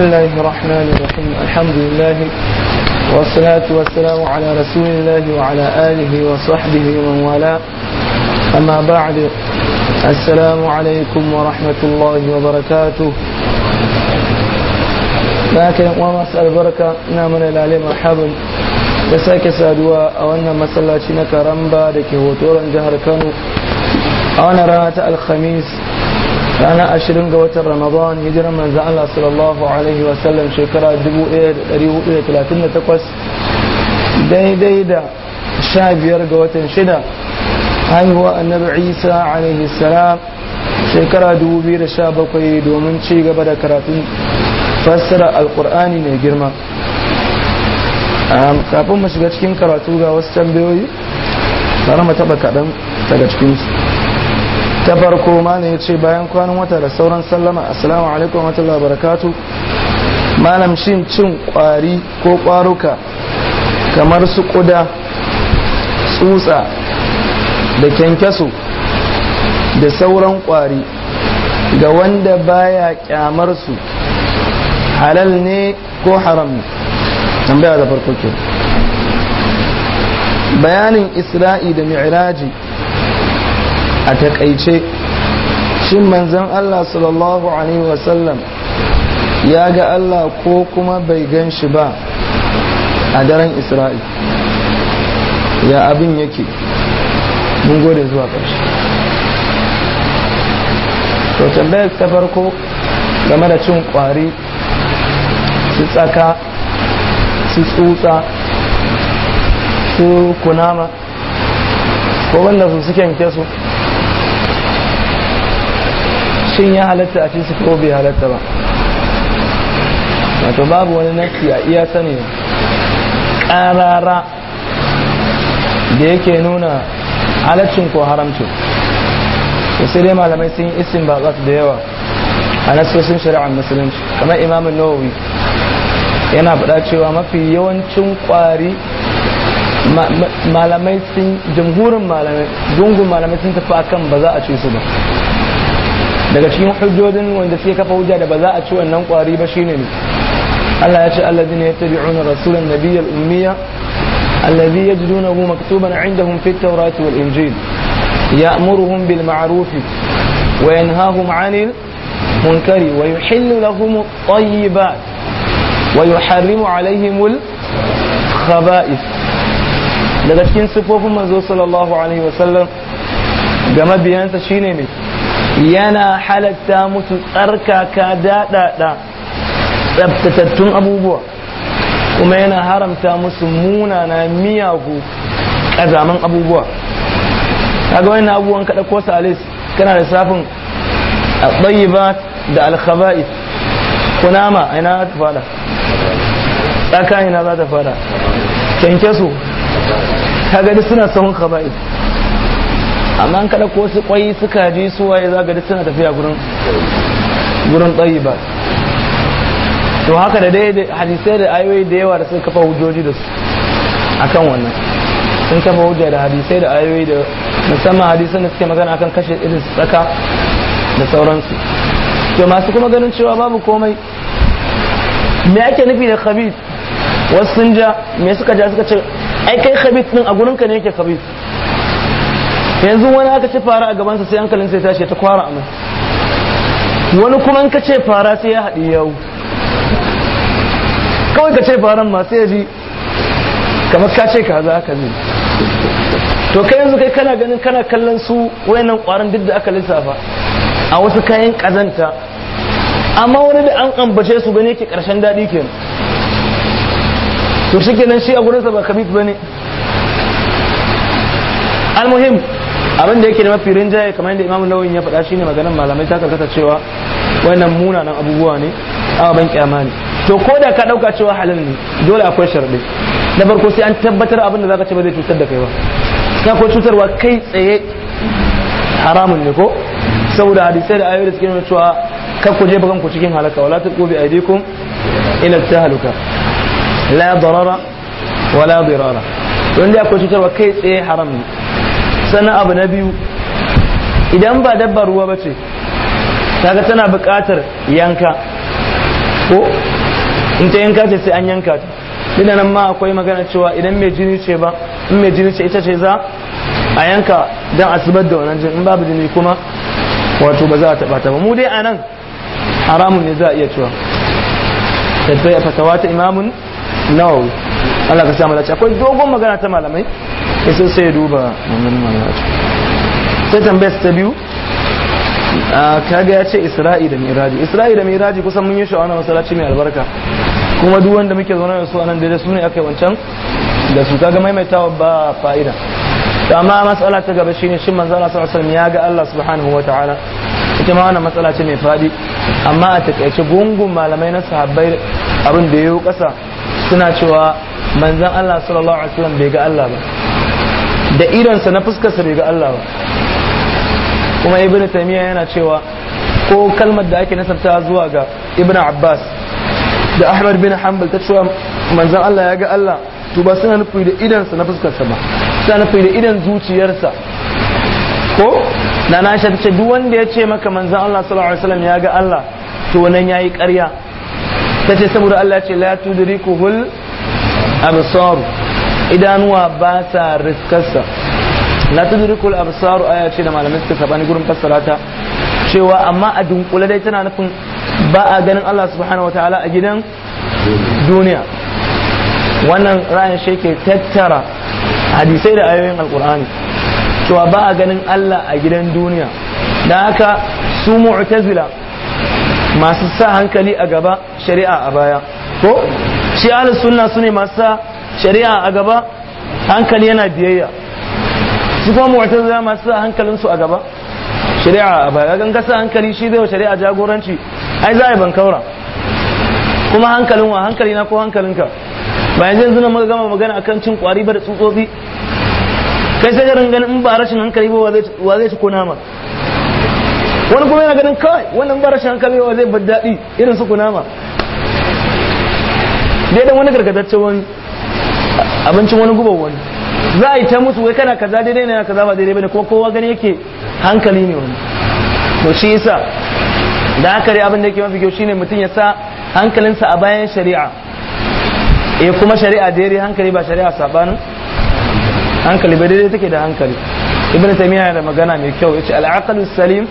بسم الله الرحمن الرحيم الحمد لله والصلاة والسلام على رسول الله وعلى آله وصحبه ومن والاه أما بعد السلام عليكم ورحمة الله وبركاته لكن وما ومسأل بركة نامنا العلم مرحبا da sake saduwa a wannan masallaci na karamba da ke hotoron jihar kano a wannan rana ranar ashirin ga watan ramadan hijiran manzan Allah sallallahu alaihi wasallam shekara 1438 daidai da sha biyar ga watan shida haihuwa annabi isa alaihi salam shekara 2017 domin ci gaba da karatun fassara alkur'ani mai girma kafin mu shiga cikin karatu ga wasu tambayoyi bari mu taba kaɗan daga cikinsu ta farko mana ya ce bayan kwanan wata da sauran sallama assalamu alaikum wa labarakatu malam shin cin kwari ko kwaruka kamar su kuda tsutsa da kyankyaso da sauran kwari ga wanda baya kyamar su halal ne ko haram ne tambaya da farko ke bayanin isra'i da mi'raji a takaice shin manzan Allah sallallahu alaihi wasallam ya ga Allah ko kuma bai gan shi ba a daren isra'il ya abin yake mun gode zuwa ƙarshe to tambayar ta farko game da cin kwari su tsaka su tsutsa su kunama ko wanda su suke su shin ya halatta a cikin ko bai halatta ba wato babu wani nasi a iya sani karara da yake nuna halaccin ko haramcin da sai dai malamai sun yi isin ba da yawa a nasosin shari'ar musulunci kamar imamin nowi yana faɗa cewa mafi yawancin kwari malamai sun jamhurin malamai gungun malamai sun tafi akan ba za a ce su ba daga cikin hujjojin wanda sai kafa hujja da ba za a ci wannan kwari ba shine ne Allah ya ce alladhina yattabi'una rasulan nabiyyal ummiya alladhi yajidunahu maktuban 'indahum fit tawrati wal injil ya'muruhum bil ma'ruf wa yanhahum 'anil munkari wa yuhillu lahum at-tayyibat wa yuharrimu 'alayhim al-khaba'ith daga cikin sifofin manzo sallallahu alaihi wasallam ga mabiyansa shine ne yana halatta musu tsarkaka daɗaɗa tsabtatattun abubuwa kuma yana haramta musu munana miyagu ƙazaman abubuwa kaga wani abubuwan kaɗa ko salis kana da safin ba da al kunama a yana ta fada tsaka na za ta fada kyankyaso kaga duk suna sahun khaba'i amma an kada ko su kwai suka ji su waye za ga suna tafiya gurin gurin ba. to haka da dai hadisai da ayoyi da yawa da sun kafa hujjoji da su akan wannan sun kafa hujja da hadisai da ayoyi da musamman hadisan da suke magana akan kashe irin tsaka da sauransu to masu kuma ganin cewa babu komai me ake nufi da khabith wasu sun ja me suka ja suka ce ai kai khabith din a gurinka ne yake khabith yanzu wani aka ce fara a gabansa sai hankalin sai tashi ta kwara a wani kuma in ka ce fara sai ya haɗi yawo kawai ka ce faran ma sai ya ji kamar ka ce ka za ka zai to kai yanzu kai kana ganin kana kallon su wayannan kwaran duk da aka lissafa a wasu kayan kazanta amma wani da an ambace su gane ke karshen daɗi ke to shi nan shi a gurinsa ba kabit ba ne al-muhim. abin da yake da mafi rinjaye kamar yadda imamu nauyin ya faɗa shine maganin malamai ta karkata cewa wannan munanan abubuwa ne ababen kyama ne to ko da ka dauka cewa halin ne dole akwai sharɗi na farko sai an tabbatar abin da zaka ce ba zai cutar da kai ba ka ko cutarwa kai tsaye haramun ne ko saboda hadisai da ayoyi da suke nuna cewa kar ku jefa kanku cikin halaka wala taqu bi aydikum ila tahluka la darara wala dirara to inda akwai cutarwa kai tsaye haram ne sannan abu na biyu idan ba dabbar ruwa ba ce kaga tana buƙatar yanka ko in ta yanka ce sai an yanka ta dina nan ma akwai magana cewa idan mai jini ce ba in mai jini ce ita ce za a yanka don asibar da wannan jini in babu jini kuma wato ba za a taɓa ta ba mu dai a nan haramun ne za a iya cewa tattbai a fatawa ta imamun nawawi Allah ka samu lafiya akwai dogon magana ta malamai ya sun sai duba wannan malamai sai tambayar ta biyu kaga ya ce isra'i da miraji isra'i da miraji kusan mun yi shi a wani masallaci mai albarka kuma duk wanda muke zaune da su a nan daidai su ne aka yi wancan da su kaga maimaitawa ba fa'ida to amma matsala ta gaba shine shin manzo Allah sallallahu alaihi wasallam ya ga Allah subhanahu wataala ita ma wannan matsala ce mai fadi amma a takaice gungun malamai na sahabbai abin da yayi kasa suna cewa manzan Allah sallallahu alaihi wasallam bai ga Allah ba da idonsa na fuskarsa bai ga Allah ba kuma ibnu tamiya yana cewa ko kalmar da ake nasarta zuwa ga Ibn abbas da ahmad bin hanbal ta cewa manzan Allah ya ga Allah to ba suna nufi da idansa na fuskarsa ba suna nufi da idan zuciyarsa ko na na ce duk wanda ya ce maka manzan Allah sallallahu alaihi wasallam ya ga Allah to nan yayi ƙarya ta ce saboda Allah ce la tudrikuhul absar idanuwa ba sa riskarsa la hul absar aya ce da malamai suka sabani gurin fassara ta cewa amma a dunkule dai tana nufin ba a ganin Allah subhanahu wataala a gidan duniya wannan ra'ayin shi ke tattara hadisai da ayoyin alkur'ani cewa ba a ganin Allah a gidan duniya da haka su mu'tazila masu sa hankali a gaba shari'a a baya ko shi ahlus sunna sune masu sa shari'a a gaba hankali yana biyayya su kuma mu'tazila masu sa hankalin su a gaba shari'a a baya gan gasa hankali shi zai shari'a jagoranci ai za a yi bankaura kuma hankalin wa hankali na ko hankalinka ba yanzu yanzu nan muka gama magana akan cin kwari ba da tsutsotsi kai sai ga ganin in ba rashin hankali ba wa zai ci ko nama wani kuma yana ganin kawai wannan ba rashin hankali zai bar daɗi irin su kunama dai dan wani gargadacce wani abincin wani gubar wani za a yi ta musu wai kana kaza daidai na kaza ba daidai bane kuma kowa gani yake hankali ne wani to shi yasa da haka dai abin da yake mafi kyau shine mutum ya sa hankalinsa a bayan shari'a eh kuma shari'a daidai hankali ba shari'a sabanin hankali ba daidai take da hankali ibn taymiya yana da magana mai kyau yace al-aqlu salim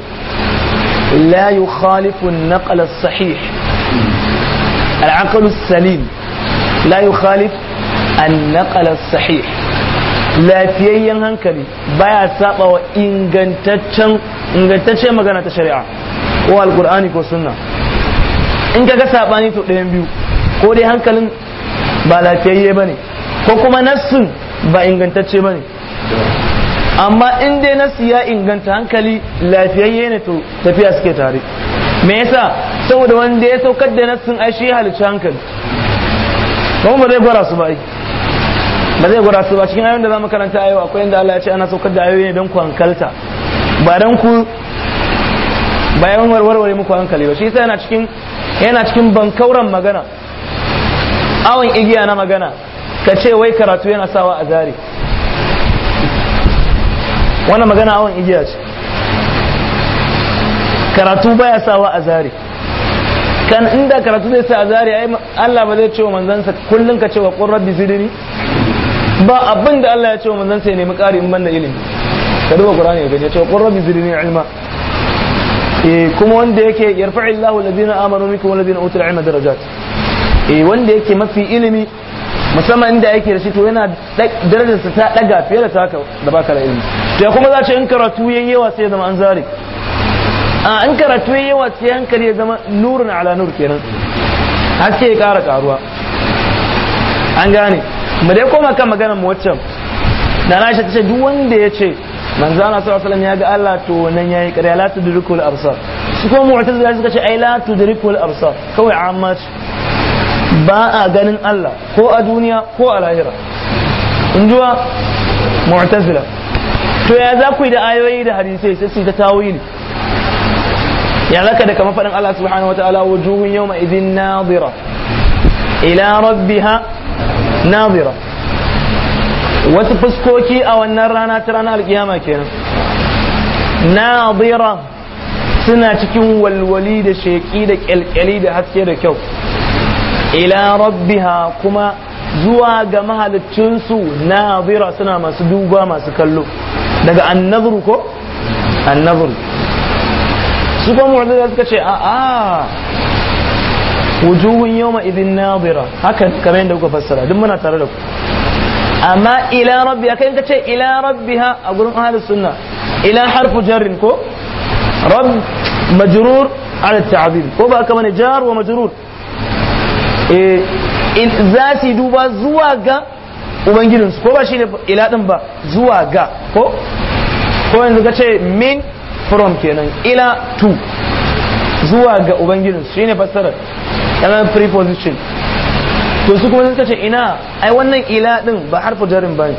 لا يخالف النقل الصحيح العقل السليم لا يخالف النقل الصحيح lafiyayyen hankali baya saba wa ingantaccen ingantaccen magana ta shari'a ko alkur'ani ko sunna in ka ga saɓani to ɗayan biyu ko dai hankalin ba lafiyayye bane ko kuma nassin ba ingantacce bane amma in dai nasu ya inganta hankali lafiyayye ne to tafiya suke tare me yasa saboda wanda ya saukar da nassin ai shi halicci hankali kuma ba zai gwara su ba ba zai gwara su ba cikin ayoyin da zamu karanta ayo akwai inda Allah ya ce ana saukar da ayoyi ne don ku hankalta ba dan ku ba yawan warware muku hankali ba shi yasa yana cikin yana cikin bankauran magana awon igiya na magana ka ce wai karatu yana sawa a zare. wannan magana awon igiya ce karatu baya sawa a zare kan inda karatu zai sa a zare ai Allah ba zai ce wa manzansa kullun ka ce wa qur rabbi zidni ba abin da Allah ya ce wa manzansa ya nemi ƙari in banda ilimi ka duba qur'ani ya ce wa qur rabbi zidni ilma eh kuma wanda yake yarfa'illahu alladhina amanu minkum walladhina utul ilma darajat eh wanda yake mafi ilimi musamman inda yake da shi to yana darajarsa ta daga fiye da taka da baka da ilimi to kuma za ce in karatu yayi yawa sai ya zama an zare a in karatu yayi yawa sai hankali ya zama nurun ala nur kenan haske ya kara karuwa an gane mu dai koma kan magana mu waccan da na shi tace duk wanda ya ce manzo Allah sallallahu alaihi ya ga Allah to nan yayi kare la tudrikul absar su kuma mu'tazila suka ce ai la tudrikul absar kawai amma ba a ganin Allah ko a duniya ko a lahira in zuwa mu'tazila to ya za ku yi da ayoyi da hadisai sai su ta tawili ya zaka da kamar faɗin Allah subhanahu wataala wujuhun yawma idhin nadira ila rabbiha nadira wasu fuskoki a wannan rana ta ranar alkiyama kenan nadira suna cikin walwali da sheƙi da kyalkyali da haske da kyau ila rabbiha kuma zuwa ga mahalicinsu zira suna masu duba masu kallo daga annazru ko annazru su kuma mu'tazila suka ce a a wujuhun yawma idin nazira haka kamar yadda kuka fassara duk muna tare da ku amma ila rabbi aka yanka ce ila rabbiha a gurin ahlus sunna ila harfu jarrin ko rabb majrur ala ta'bir ko ba kamar jar wa majrur Eh, in za su duba zuwa ga ubangijinsu ko ba shine ila din ba zuwa ga ko ko yanzu ka ce min from kenan ila to zuwa ga ubangijinsu shine fassarar yana preposition to su kuma suka ce ina ai wannan ila din ba harfu jarin ba ne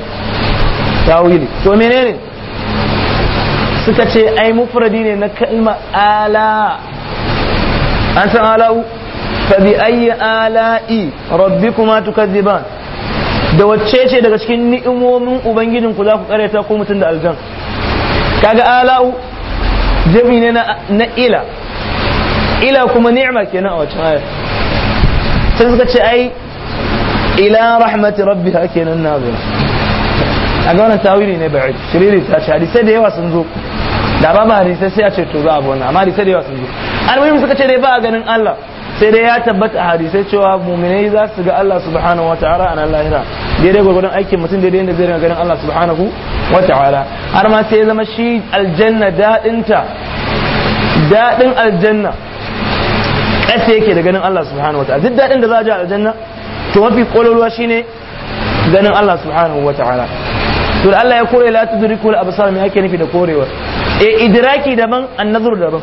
tawili to menene suka ce ai mufradi ne na kalma ala an san ala'u فبأي آلاء ربكما تكذبان da wacce ce daga cikin ni'imomin ubangijin ku za ku karyata ko mutum da aljan kaga ala'u jami ne na ila ila kuma ni'ima kenan a wacce ayar sai suka ce ai ila rahmati rabbiha kenan zo a ga wannan tawiri ne ba'id shiriri ta ce hadisai da yawa sun zo da ba ba hadisai sai a ce to za a bi wannan amma hadisai da yawa sun zo almuhim suka ce dai ba a ganin Allah sai dai ya tabbata a hadisai cewa muminai za su ga Allah subhanahu wa ta'ala a nan lahira daidai gwargwadon aikin mutum daidai da zai rinka ganin Allah subhanahu wa ta'ala har ma sai ya zama shi aljanna daɗinta daɗin aljanna ƙasa yake da ganin Allah subhanahu wa ta'ala duk daɗin da za a ji aljanna to mafi ƙololuwa shine ganin Allah subhanahu wa ta'ala to da Allah ya kore la tudriku al absar me yake nufi da korewa eh idraki daban annazur daban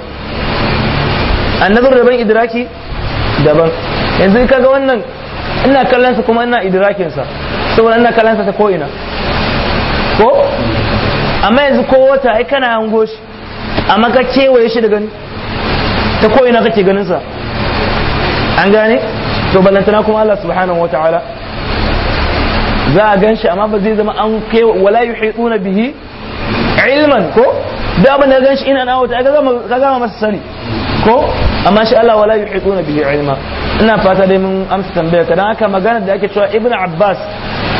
annazur daban idraki daban yanzu kaga wannan ina kallon sa kuma ina idrakin sa saboda ina kallon sa ta ko ina ko amma yanzu ko wata ai kana hango shi amma ka kewaye shi da gani ta ko ina kake ganin sa an gane to ballantana kuma Allah subhanahu wataala za a gan shi amma ba zai zama an kewa wala yuhiduna bihi ilman ko da abin da gan shi ina na wata ka gama masa sani ko amma shi Allah wala yuhituna bihi ilma ina fata dai mun amsa tambaya kadan haka magana da ake cewa ibn abbas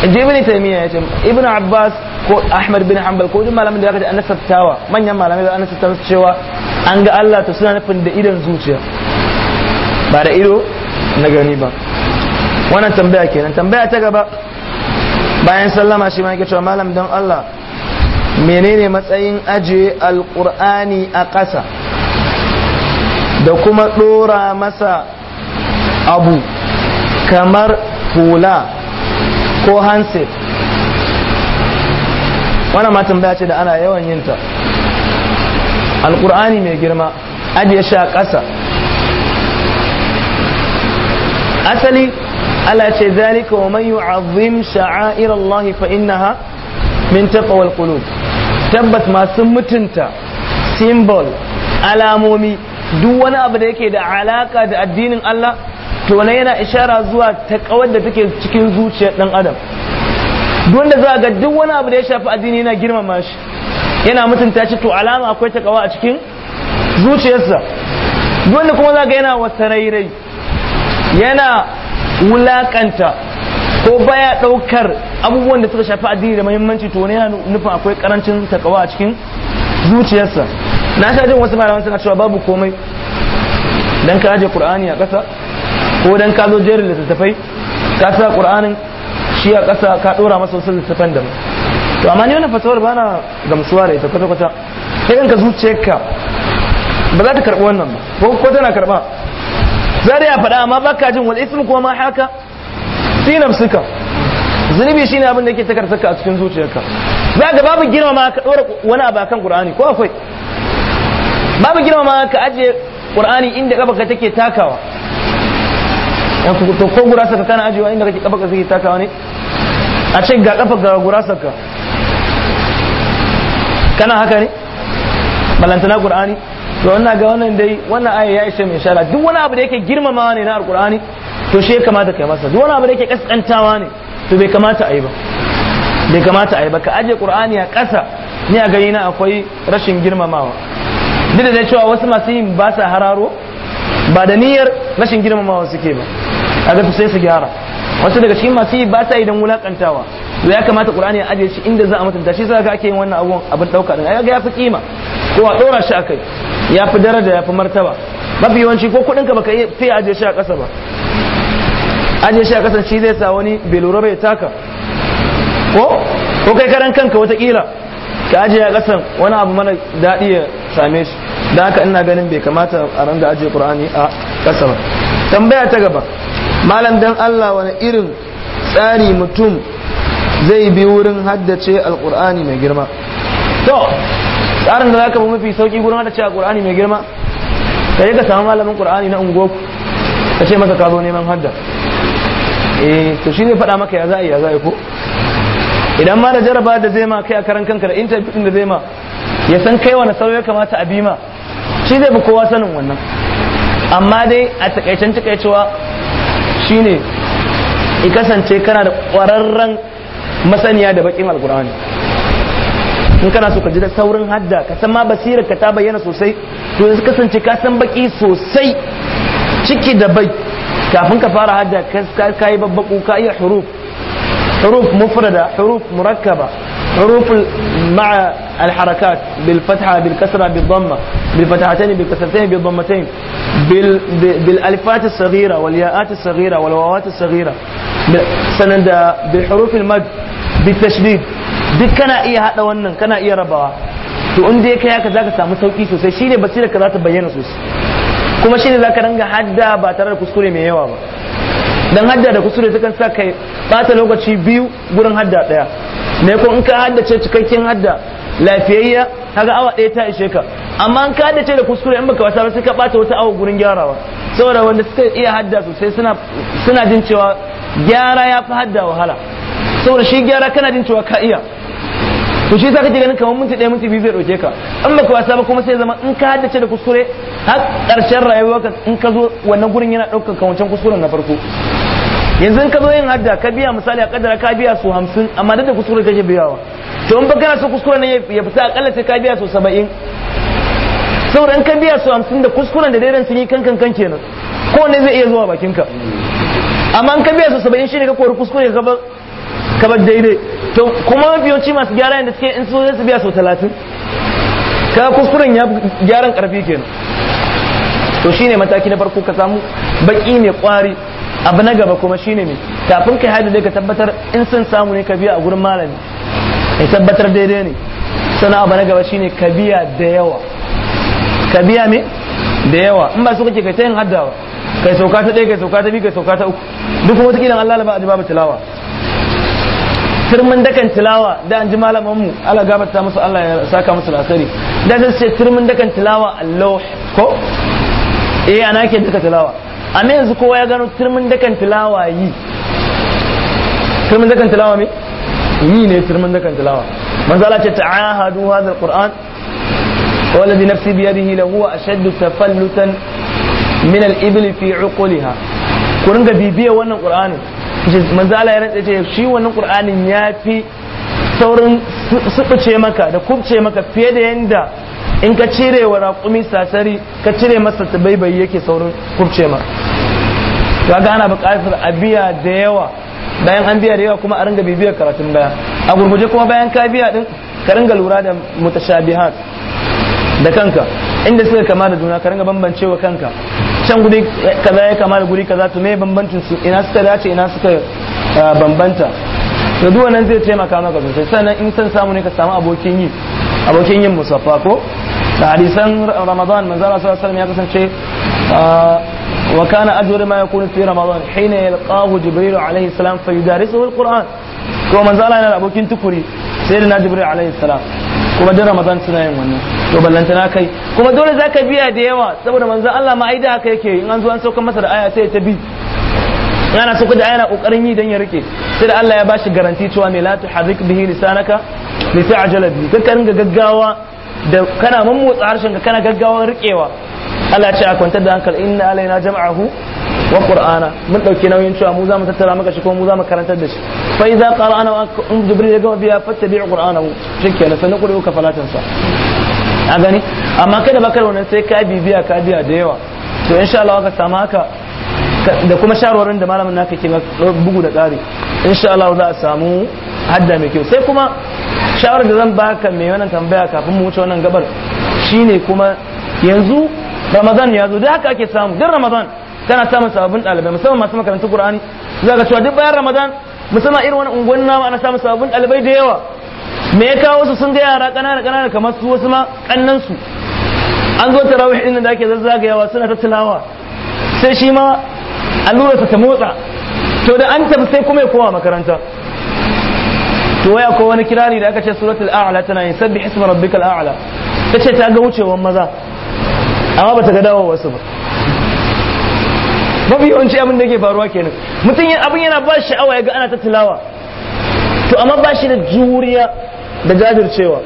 inji ibn taymiya yace ibn abbas ko ahmad bin hanbal ko malamin da aka da anasabtawa manyan malamai da anasabtawa cewa an ga Allah to suna nufin da idan zuciya ba da ido na gani ba wannan tambaya kenan tambaya ta gaba bayan sallama shi ma yake cewa malam dan Allah menene matsayin ajiye alqur'ani a ƙasa da kuma ɗora masa abu kamar hula ko handset wannan ma tambaya ce da ana yawan yin ta mai girma ajiye shi a ƙasa asali Allah ce zalika wa man yu'azzim sha'air Allah fa innaha min taqwal qulub tabbas masu mutunta symbol alamomi duk wani abu da yake da alaka da addinin Allah to wani yana ishara zuwa ta kawar da take cikin zuciyar dan adam duk wanda za ga duk wani abu da ya shafi addini yana girmama shi yana mutunta shi to alama akwai ta kawa a cikin zuciyarsa duk wanda kuma za ga yana rairai, yana wulakanta ko baya daukar abubuwan da suka shafi addini da muhimmanci to ne yana nufin akwai karancin takawa a cikin zuciyarsa na sha jin wasu malaman suna cewa babu komai dan ka aje qur'ani a ƙasa ko dan ka zo jerin littattafai ka sa qur'anin shi a ƙasa ka dora masa wasu littattafan da to amma ni wannan fasawar bana gamsuwa da ita kwata kwata irin ka zuciyarka ba za ta karɓi wannan ba ko ko tana karɓa za da ya faɗa amma baka jin wal ismu kuma ma haka fi nafsika zunubi ne abin da yake takar saka a cikin zuciyarka za ga babu girmama ka ɗora wani abu bakan qur'ani ko akwai babu girmama ka ajiye qur'ani inda kabaka take takawa to ko gurasa ka kana ajiyewa inda kake kabaka take takawa ne a ce ga ƙafa ga gurasa ka kana haka ne balantana qur'ani to wannan ga wannan dai wannan aya ya ishe mai shara duk wani abu da yake girmamawa ne na alqur'ani to shi ya kamata kai masa duk wani abu da yake kaskantawa ne to bai kamata a yi ba bai kamata a yi ba ka aje qur'ani a ƙasa ni a gani na akwai rashin girmamawa duk da cewa wasu masu yin ba sa hararo ba da niyyar rashin girmamawa suke ba a ga sai su gyara wasu daga cikin masu yi ba sa idan wulakantawa to ya kamata qur'ani ya aje shi inda za a mutunta shi sai kake ake yin wannan abun abin dauka din ga yafi kima ko a dora shi akai yafi daraja yafi martaba mafi yawanci ko kudin ka baka fi aje shi a ƙasa ba aje shi a kasance zai sa wani bai lura bai taka ko ko kai karan kanka watakila ka ajiye a kasan wani abu mana daɗi ya same shi da haka ina ganin bai kamata a ran da ajiye qur'ani a kasa ba tambaya ta gaba malam dan Allah wani irin tsari mutum zai bi wurin haddace alqur'ani mai girma to tsarin da zaka bi mafi sauki gurin haddace alqur'ani mai girma kai ka samu malamin qur'ani na ungo ka ce masa ka zo neman hadda eh to shi ne faɗa maka ya za ya za ko idan ma da jaraba da zai ma kai a karan kanka da interview din da zai ma ya san kai wani sauyo kamata a bi ma shi zai bi kowa sanin wannan amma dai a takaicen takaicewa shine i kasance kana da ƙwararren masaniya da bakin alkur'ani in kana so ka ji da saurin hadda ka san ma basirar ka ta bayyana sosai to yanzu kasance ka san baki sosai ciki da bai kafin ka fara hajja ka yi babban kuka iya huruf huruf mufrada حروف مع الحركات بالفتحة بالكسرة بالضمة بالفتحتين بالكسرتين بالضمتين بال... بالألفات الصغيرة والياءات الصغيرة والواوات الصغيرة سنندا بحروف المد بالتشديد دي كنا إيه كنا إيه ربا تؤندي كيا كذا كذا مسوي كيسوس الشيء اللي كذا تبين سوس kuma shine zaka ranga hada ba tare da kuskure mai yawa ba dan hadda da kuskure ta kan sa kai bata lokaci biyu gurin hadda daya me ko in ka haddace cikakken hadda lafiyayya kaga awa ɗaya ta ishe ka amma in ka haddace da kuskure in baka wasa ba sai ka bata wata awa gurin gyarawa saboda wanda suka iya hadda sosai suna suna jin cewa gyara ya fi hadda wahala saboda shi gyara kana jin cewa ka iya to shi ka ji ganin kamar minti ɗaya minti biyu zai ɗauke ka in baka wasa ba kuma sai zama in ka haddace da kuskure har ƙarshen ka in ka zo wannan gurin yana ɗaukar ka wancan kuskuren na farko yanzu in ka zo yin hadda ka biya misali a kadara ka biya su hamsin amma da kuskure kake biyawa to in ba kana so kuskure ne ya fita akalla sai ka biya su saba'in saboda in ka biya su hamsin da kuskuren da daidan sun yi kankan kan kenan ko ne zai iya zuwa bakinka amma in ka biya su saba'in shine ka kori kuskure ka kamar daidai to kuma mafiyanci masu gyara yadda suke in so zai su biya sau talatin ka kuskuren ya gyaran karfi kenan to shine mataki na farko ka samu baki mai kwari abu na gaba kuma shine mai kafin kai hadu dai ka tabbatar in sun samu ne ka biya a gurin malami ya tabbatar daidai ne sannan abu na gaba shine ka biya da yawa ka biya me da yawa in ba su kake kai ta yin haddawa kai sauka ta ɗaya kai sauka ta biyu kai sauka ta uku duk kuma wata kilan Allah ba a ji babu tilawa turmin dakan tilawa da an ji malamanmu ala gabata musu Allah ya saka musu lasari da su ce turmin dakan tilawa Allah ko eh ana ke daka tilawa amma yanzu kowa ya gano turmin dakan tilawa yi turmin dakan tilawa me yi ne turmin dakan tilawa manzo Allah ce ta'ahadu hadha alquran bi yadihi بيده لهو أشد تفلتا من الإبل fi عقولها ku ga bibiya wannan qur'ani manzo Allah ya rantsa ce shi wannan qur'anin ya fi saurin subuce maka da kubce maka fiye da yanda in ka cire wa raƙumi sasari ka cire masa tabaibai yake saurin kubce ma ga ana buƙatar a biya da yawa bayan an biya da yawa kuma a ringa bibiyar karatun baya a gurguje kuma bayan ka biya din ka ringa lura da mutashabihat da kanka inda suka kama da juna ka ringa bambancewa kanka can guri kaza ya kama da guri kaza to me bambancin su ina suka dace ina suka ah, bambanta to duk wannan zai taimaka maka sosai sannan in san samu ne ka samu abokin yi abokin yin musaffa ko da hadisan ramadan manzo Allah sallallahu alaihi wasallam ya kasance ah, wa kana ajru ma yakunu fi ramadan hina yalqahu jibril alaihi salam fa yudarisuhu alquran ko manzo Allah yana abokin tukuri sai da jibril alaihi salam kuma duk ramadan suna yin wannan to ballantana kai kuma dole zaka biya da yawa saboda manzon Allah ma aida haka yake in an zo an sauka masa da aya sai ta bi yana sauka da aya na kokarin yi dan ya rike sai da Allah ya bashi garanti cewa me la tuhazzik bihi lisanaka li ta'jala bihi kanka ringa gaggawa da kana mun motsa harshen ka kana gaggawa rikewa Allah ya ce a kwantar da hankali inna alaina jam'ahu wa qur'ana mun dauke nauyin cewa mu za mu tattara maka shi ko mu za mu karantar da shi fa idza ana wa jibril ya gama biya fattabi qur'anahu shikenan sai na kuri ka falatan sa a gani amma kada baka wannan sai ka bi biya ka biya da yawa to insha Allah ka samu haka da kuma shawarwarin da malamin naka ke bugu da ƙari insha Allah za a samu hadda mai kyau sai kuma shawarar da zan baka mai wannan tambaya kafin mu wuce wannan gabar shine kuma yanzu Ramadan ya zo da haka ake samu duk Ramadan tana samun sababbin ɗalibai musamman masu makarantar Qur'ani za ka cewa duk bayan Ramadan musamman irin wani unguwan nama ana samun sababbin ɗalibai da yawa me ya kawo su sun ga yara ƙanana ƙanana kamar su wasu ma ƙannan su an zo tarawih din da ake zazzagayawa suna ta tilawa sai shi ma allurarsa ta motsa to da an tafi sai kuma ya koma makaranta to waya ko wani kirari da aka ce suratul a'la tana yin sabbi hisma rabbikal a'la tace ta ga wucewan maza amma bata ga dawo wasu ba mafi yawanci abin da ke faruwa kenan mutum abin yana ba sha'awa ya ga ana ta tilawa to amma ba shi da juriya da jajircewa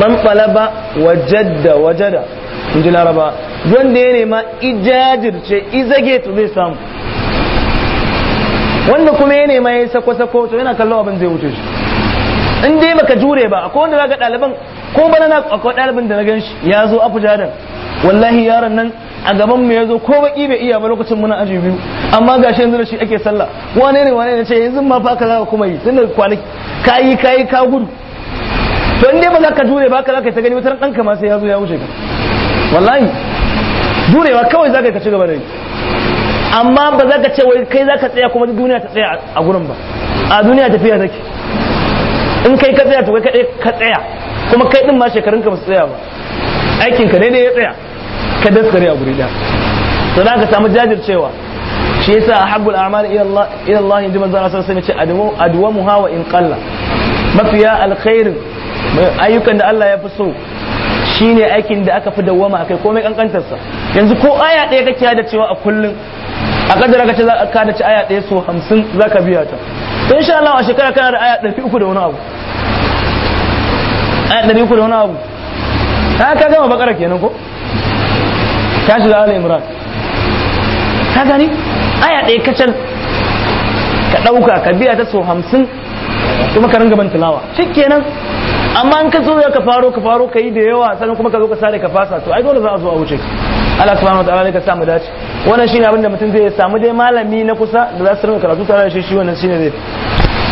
man talaba wajadda wajada in ji laraba wanda ya nema ijajirce izage to zai samu wanda kuma ya nema ya sako-sako to yana kallon abin zai wuce shi in dai baka jure ba akwai wanda ga ɗaliban ko bana na akwai ɗalibin da na gan shi ya zo a da wallahi yaron nan a gaban mu yazo ko baki bai iya ba lokacin muna aji biyu amma gashi yanzu da shi ake sallah wane ne wane ne ce yanzu ma fa ka za kuma yi tunda kwanaki kayi kayi ka gudu to in dai ba za ka jure ba ka za ka ta gani wutar dan ka ma sai ya zo ya wuce ka wallahi jurewa kawai za ka ci gaba da yi amma ba za ka ce wai kai za ka tsaya kuma duniya ta tsaya a gurin ba a duniya tafiya take in kai ka tsaya to kai ka tsaya kuma kai din ma shekarun ka ba su tsaya ba aikin ka daidai ya tsaya ka daskare a guri ɗaya to da aka samu jajircewa shi yasa habbul a'mal ila Allah ila Allah inji manzo Allah sallallahu alaihi wasallam ce adwa muha wa in qalla mafiya alkhairin ayyukan da Allah ya fi so shine aikin da aka fi dawwama akai komai kankantar sa yanzu ko aya ka kake da cewa a kullun a kadara kace za ka da ci aya ɗaya so 50 zaka biya ta to insha Allah a shekara kana da aya 300 da wani abu aya 300 da wani abu ka gama bakara kenan ko ta shiga ala imran ka gani aya ɗaya kacal ka ɗauka ka biya ta so hamsin kuma ka ringa ban tilawa shikenan amma in ka zo ya ka faro ka faro ka yi da yawa sannan kuma ka zo ka sare ka fasa to ai dole za a zo a wuce Allah subhanahu wataala ne ka samu dace wannan shine abin da mutum zai samu dai malami na kusa da za su rinka karatu tare da shi shi wannan shine zai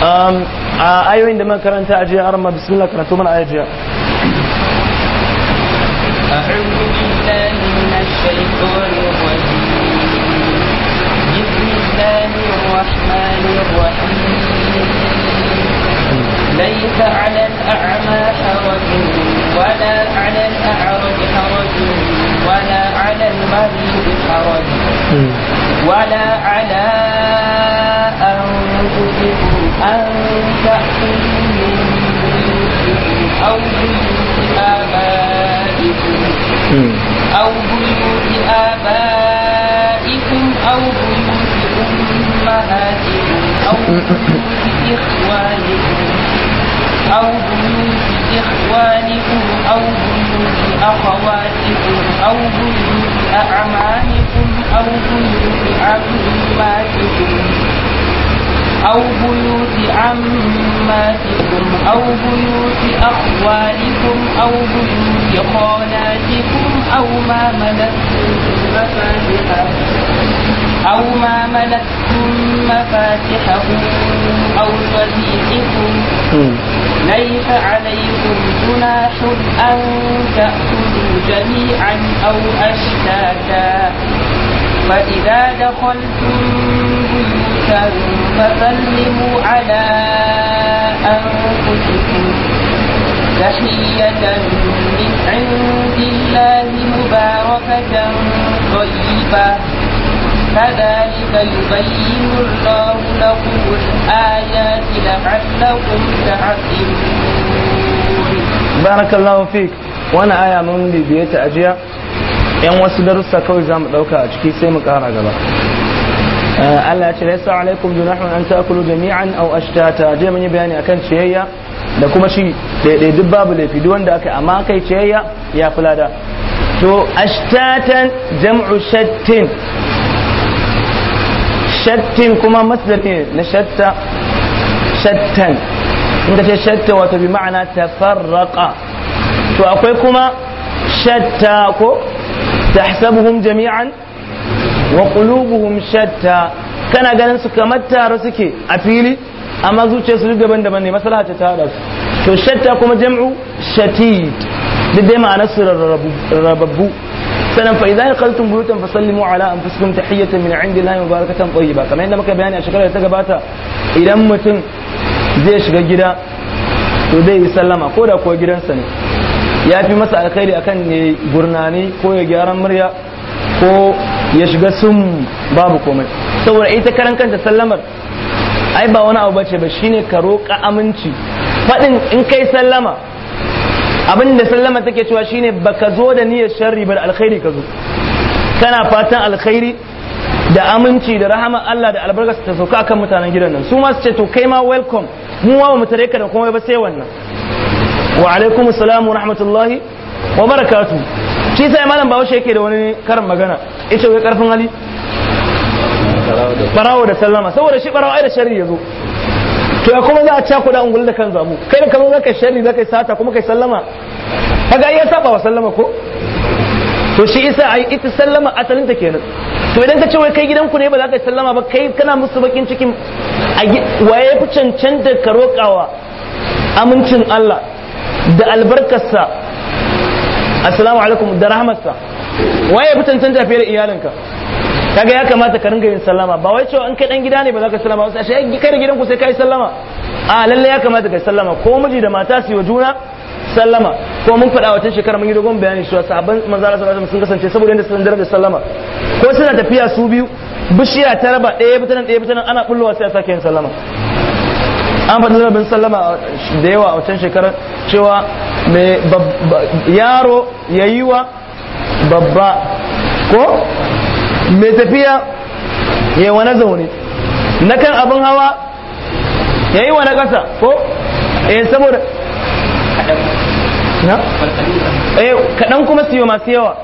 um, a ayoyin da muka karanta a jiya ma bismillah karatu mana ayajiya الشيطان الرجيم بسم الله الرحمن الرحيم ليس على الأعمى حرج ولا على الأعرج حرج ولا على المريض حرج ولا على أنفسكم أن تأتوا من أو من آبائكم أو بيوت آبائكم أو بيوت أمهاتكم أو بيوت إخوانكم أو بيوت إخوانكم أو بيوت أخواتكم أو بيوت أعمامكم أو بيوت عماتكم أو بيوت عماتكم أو بيوت أخوالكم أو بيوت خالاتكم أو ما ملكتم مفاتحه أو ما ملكتم مفاتحه أو صديقكم ليس عليكم جناح أن تأخذوا جميعا أو أشتاتا فإذا دخلتم ثم سلموا على أنفسكم تحية من عند الله مباركة طيبة كذلك يبين الله لكم الآيات لعلكم تعقلون بارك الله فيك وانا آية من بيت أجيال 'yan wasu darussa kawai za mu ɗauka a ciki sai mu ƙara gaba Allah ce laisa alaikum junahun an takulu jami'an aw ashtata je mun yi bayani akan ciyayya da kuma shi daidai duk babu laifi duk wanda aka amma kai ciyayya ya fulada to ashtatan jam'u shattin shattin kuma masdar ne na shatta shattan inda ce shatta wato bi ma'ana tafarraqa to akwai kuma shatta ko tahsabuhum jami'an wa qulubuhum shatta kana ganin su kamar tare suke a fili amma zuciyar su daban daban ne maslaha ta tada su to shatta kuma jam'u shatid da dai ma'anar su rababbu sanan fa idan qaltum buyutan fasallimu ala anfusikum tahiyatan min indillahi mubarakatan tayyiba kamar yadda muka bayani a shekarar ta gabata idan mutum zai shiga gida to zai yi sallama ko da kuwa gidansa ne ya fi masa alkhairi akan ne gurnani ko ya gyaran murya ko ya shiga sun babu komai saboda ita karan kanta sallamar ai ba wani abu bace ba shine ka roƙa aminci faɗin in kai sallama abin da sallama take cewa shine baka zo da niyyar sharri ba da alkhairi ka zo kana fatan alkhairi da aminci da rahama Allah da albarka ta sauka akan mutanen gidan nan su ma su ce to kai ma welcome mu ma mu tare ka da komai ba sai wannan wa alaikumus salam wa rahmatullahi wa barakatu shi sai malam bahaushe yake da wani karin magana ita wai karfin hali barawo da sallama saboda shi barawo ai da sharri yazo to ya kuma za a cakuda ungul da kan zamu kai da kamar zaka sharri zaka sata kuma kai sallama kaga ya saba wa sallama ko to shi isa ai ita sallama asalin ta kenan to idan ka ce wai kai gidanku ne ba za ka sallama ba kai kana musu bakin cikin waye fi cancanta ka roƙawa amincin Allah da albarkarsa assalamu alaikum da rahmatsa waye fi cancanta fiye da iyalinka kaga ya kamata ka ringa yin sallama ba wai cewa in kai dan gida ne ba za ka sallama wasu ashe kai da gidanku sai kai sallama a lalle ya kamata ka sallama ko miji da mata su yi wa juna sallama ko mun faɗa wata shekara mun yi dogon bayani cewa sahabban manzo Allah sallallahu alaihi sun kasance saboda yadda sun daraja sallama ko suna tafiya su biyu bishiya ta raba ɗaya bitanan ɗaya bitanan ana bullowa sai a sake yin sallama an faɗi zama bin sallama da yawa a wacan shekarar cewa yaro ya yi wa babba ko mai tafiya ya wa na zaune na kan abin hawa ya yi wa na ƙasa ko ya eh, saboda eh, kaɗan kuma siyo masu yawa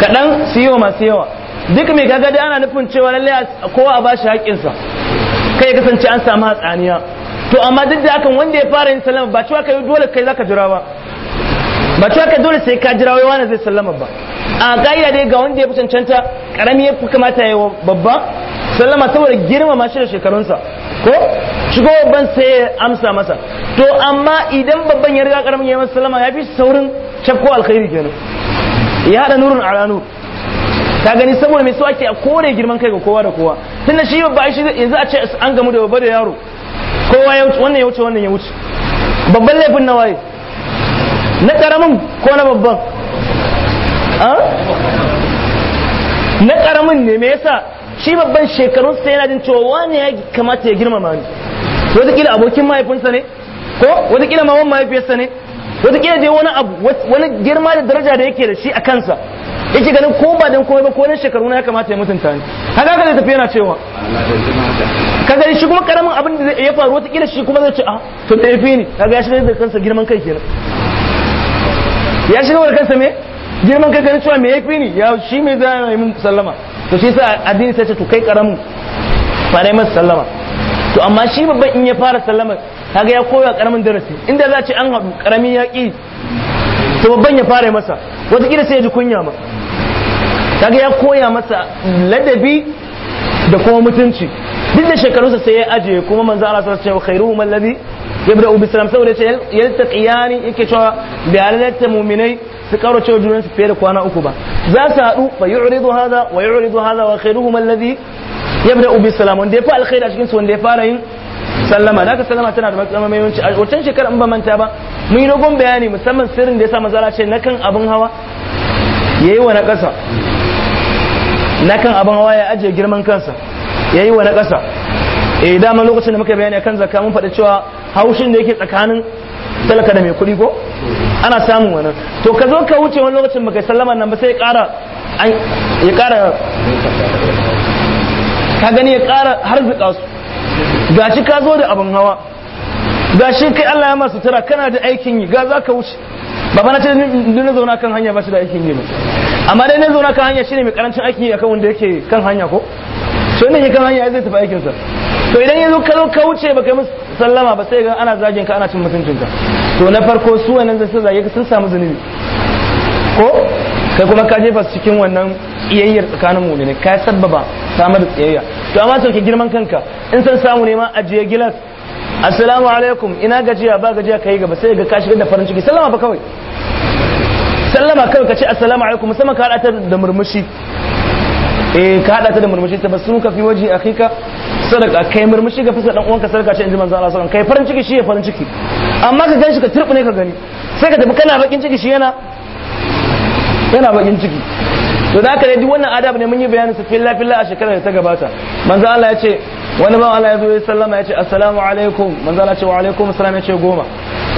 kaɗan siyo masu yawa duk mai gagadi ana nufin cewa lallai kowa a bashi haƙƙinsa kai ya kasance an samu hatsaniya to amma duk da hakan wanda ya fara yin sallama ba cewa kai dole kai zaka jira ba ba cewa kai dole sai ka jira wai wani zai sallama ba a ka'ida dai ga wanda ya fi cancanta karami ya fi kamata ya yi babba sallama saboda girmama shi da shekarunsa ko shigo babban sai ya amsa masa to amma idan babban ya riga karamin ya masa sallama ya fi saurin cakko alkhairi kenan ya hada nurun ala nur ka gani saboda mai so ake a kore girman kai ga kowa da kowa tunda shi babba shi yanzu a ce an gamu da babba da yaro kowa ya wuce wannan ya wuce wannan ya wuce babban laifin na waye na karamin ko na babban ah? na karamin ne me yasa shi babban shekarun sai yana jin cewa wani ya kamata ya girmama ni wataƙila abokin mahaifinsa ne ko wataƙila mawan mahaifiyarsa ne wataƙila dai wani abu wani girma da daraja da yake da shi a kansa yake ganin ko ba dan komai ba ko ne shekaru na ya kamata ya mutunta ni kaga ka zai tafi yana cewa kaga shi kuma karamin abin da ya faru wata kila shi kuma zai ce a ah, to da yafi ni kaga ya shiga da kansa girman kai kenan ya shiga da kansa me girman kai ganin cewa me yafi ni ya shi me za yi min sallama to shi yasa addini sai ce to kai karamin fara masa sallama to amma shi babban in ya fara sallama kaga ya koya karamin darasi inda za a ce an haɗu karami ya to babban ya fara masa wata kila sai ya ji kunya ma kaga ya koya masa ladabi da kuma mutunci duk da shekarunsa sai ya ajiye kuma manzo Allah sallallahu alaihi wasallam khairuhum alladhi yabda'u bisalam saboda ce yaltaqiyani yake cewa bi alalati mu'minai su karo cewa junan su fiye da kwana uku ba za su haɗu fa yu'ridu hadha wa yu'ridu hadha wa khairuhum alladhi yabda'u bisalam wanda ya fa alkhairi a cikin su wanda ya fara yin sallama da ka sallama tana da mai mahimmanci a wancan shekarar in ba manta ba mun yi dogon bayani musamman sirrin da ya sa manzo Allah ce na kan abin hawa yayi wa na kasa. na kan abin hawa ya ajiye girman kansa ya yi wa na ƙasa eh dama lokacin da muka bayani akan zakka mun faɗi cewa haushin da yake tsakanin talaka da mai kuɗi ko ana samun wannan to ka zo ka wuce wani lokacin baka sallama nan ba sai ya ƙara ya ƙara ka gani ya ƙara zuƙa su gashi ka zo da abin hawa gashi kai Allah ya masu tara kana da aikin yi ga za ka wuce ba na ce duk na zauna kan hanya ba shi da aikin yi ba amma dai na zauna kan hanya shine mai karancin aikin yi akan wanda yake kan hanya ko to ne yake kan hanya zai tafi aikin sa to idan yazo ka zo ka wuce baka musu sallama ba sai ga ana zagin ka ana cin mutuncin ka to na farko su wannan zai sun zage ka sun samu zunubi ko kai kuma ka jefa su cikin wannan iyayyar tsakanin mu ne ka sabbaba samar da tsayayya to amma sauke girman kanka in san samu ne ma ajiye gilas assalamu alaikum ina gajiya ba gajiya kai gaba sai ga kashi da farin ciki sallama ba kawai sallama kawai ka ce assalamu alaikum musamman ka hada da murmushi eh ka hada ta da murmushi ta basu ka fi waje akika sadaka kai murmushi ga fisa dan uwanka sadaka ce inji manzo Allah sallallahu alaihi wasallam kai farin ciki shi ya farin ciki amma ka ganshi ka ne ka gani sai ka tafi kana bakin ciki shi yana yana bakin ciki to da haka ne duk wannan adab ne mun yi bayanin sa filla filla a shekarar da ta gabata manzo Allah ya ce wani ba Allah ya zo ya sallama ya ce assalamu alaikum manzo Allah ya ce wa alaikum assalam ya ce goma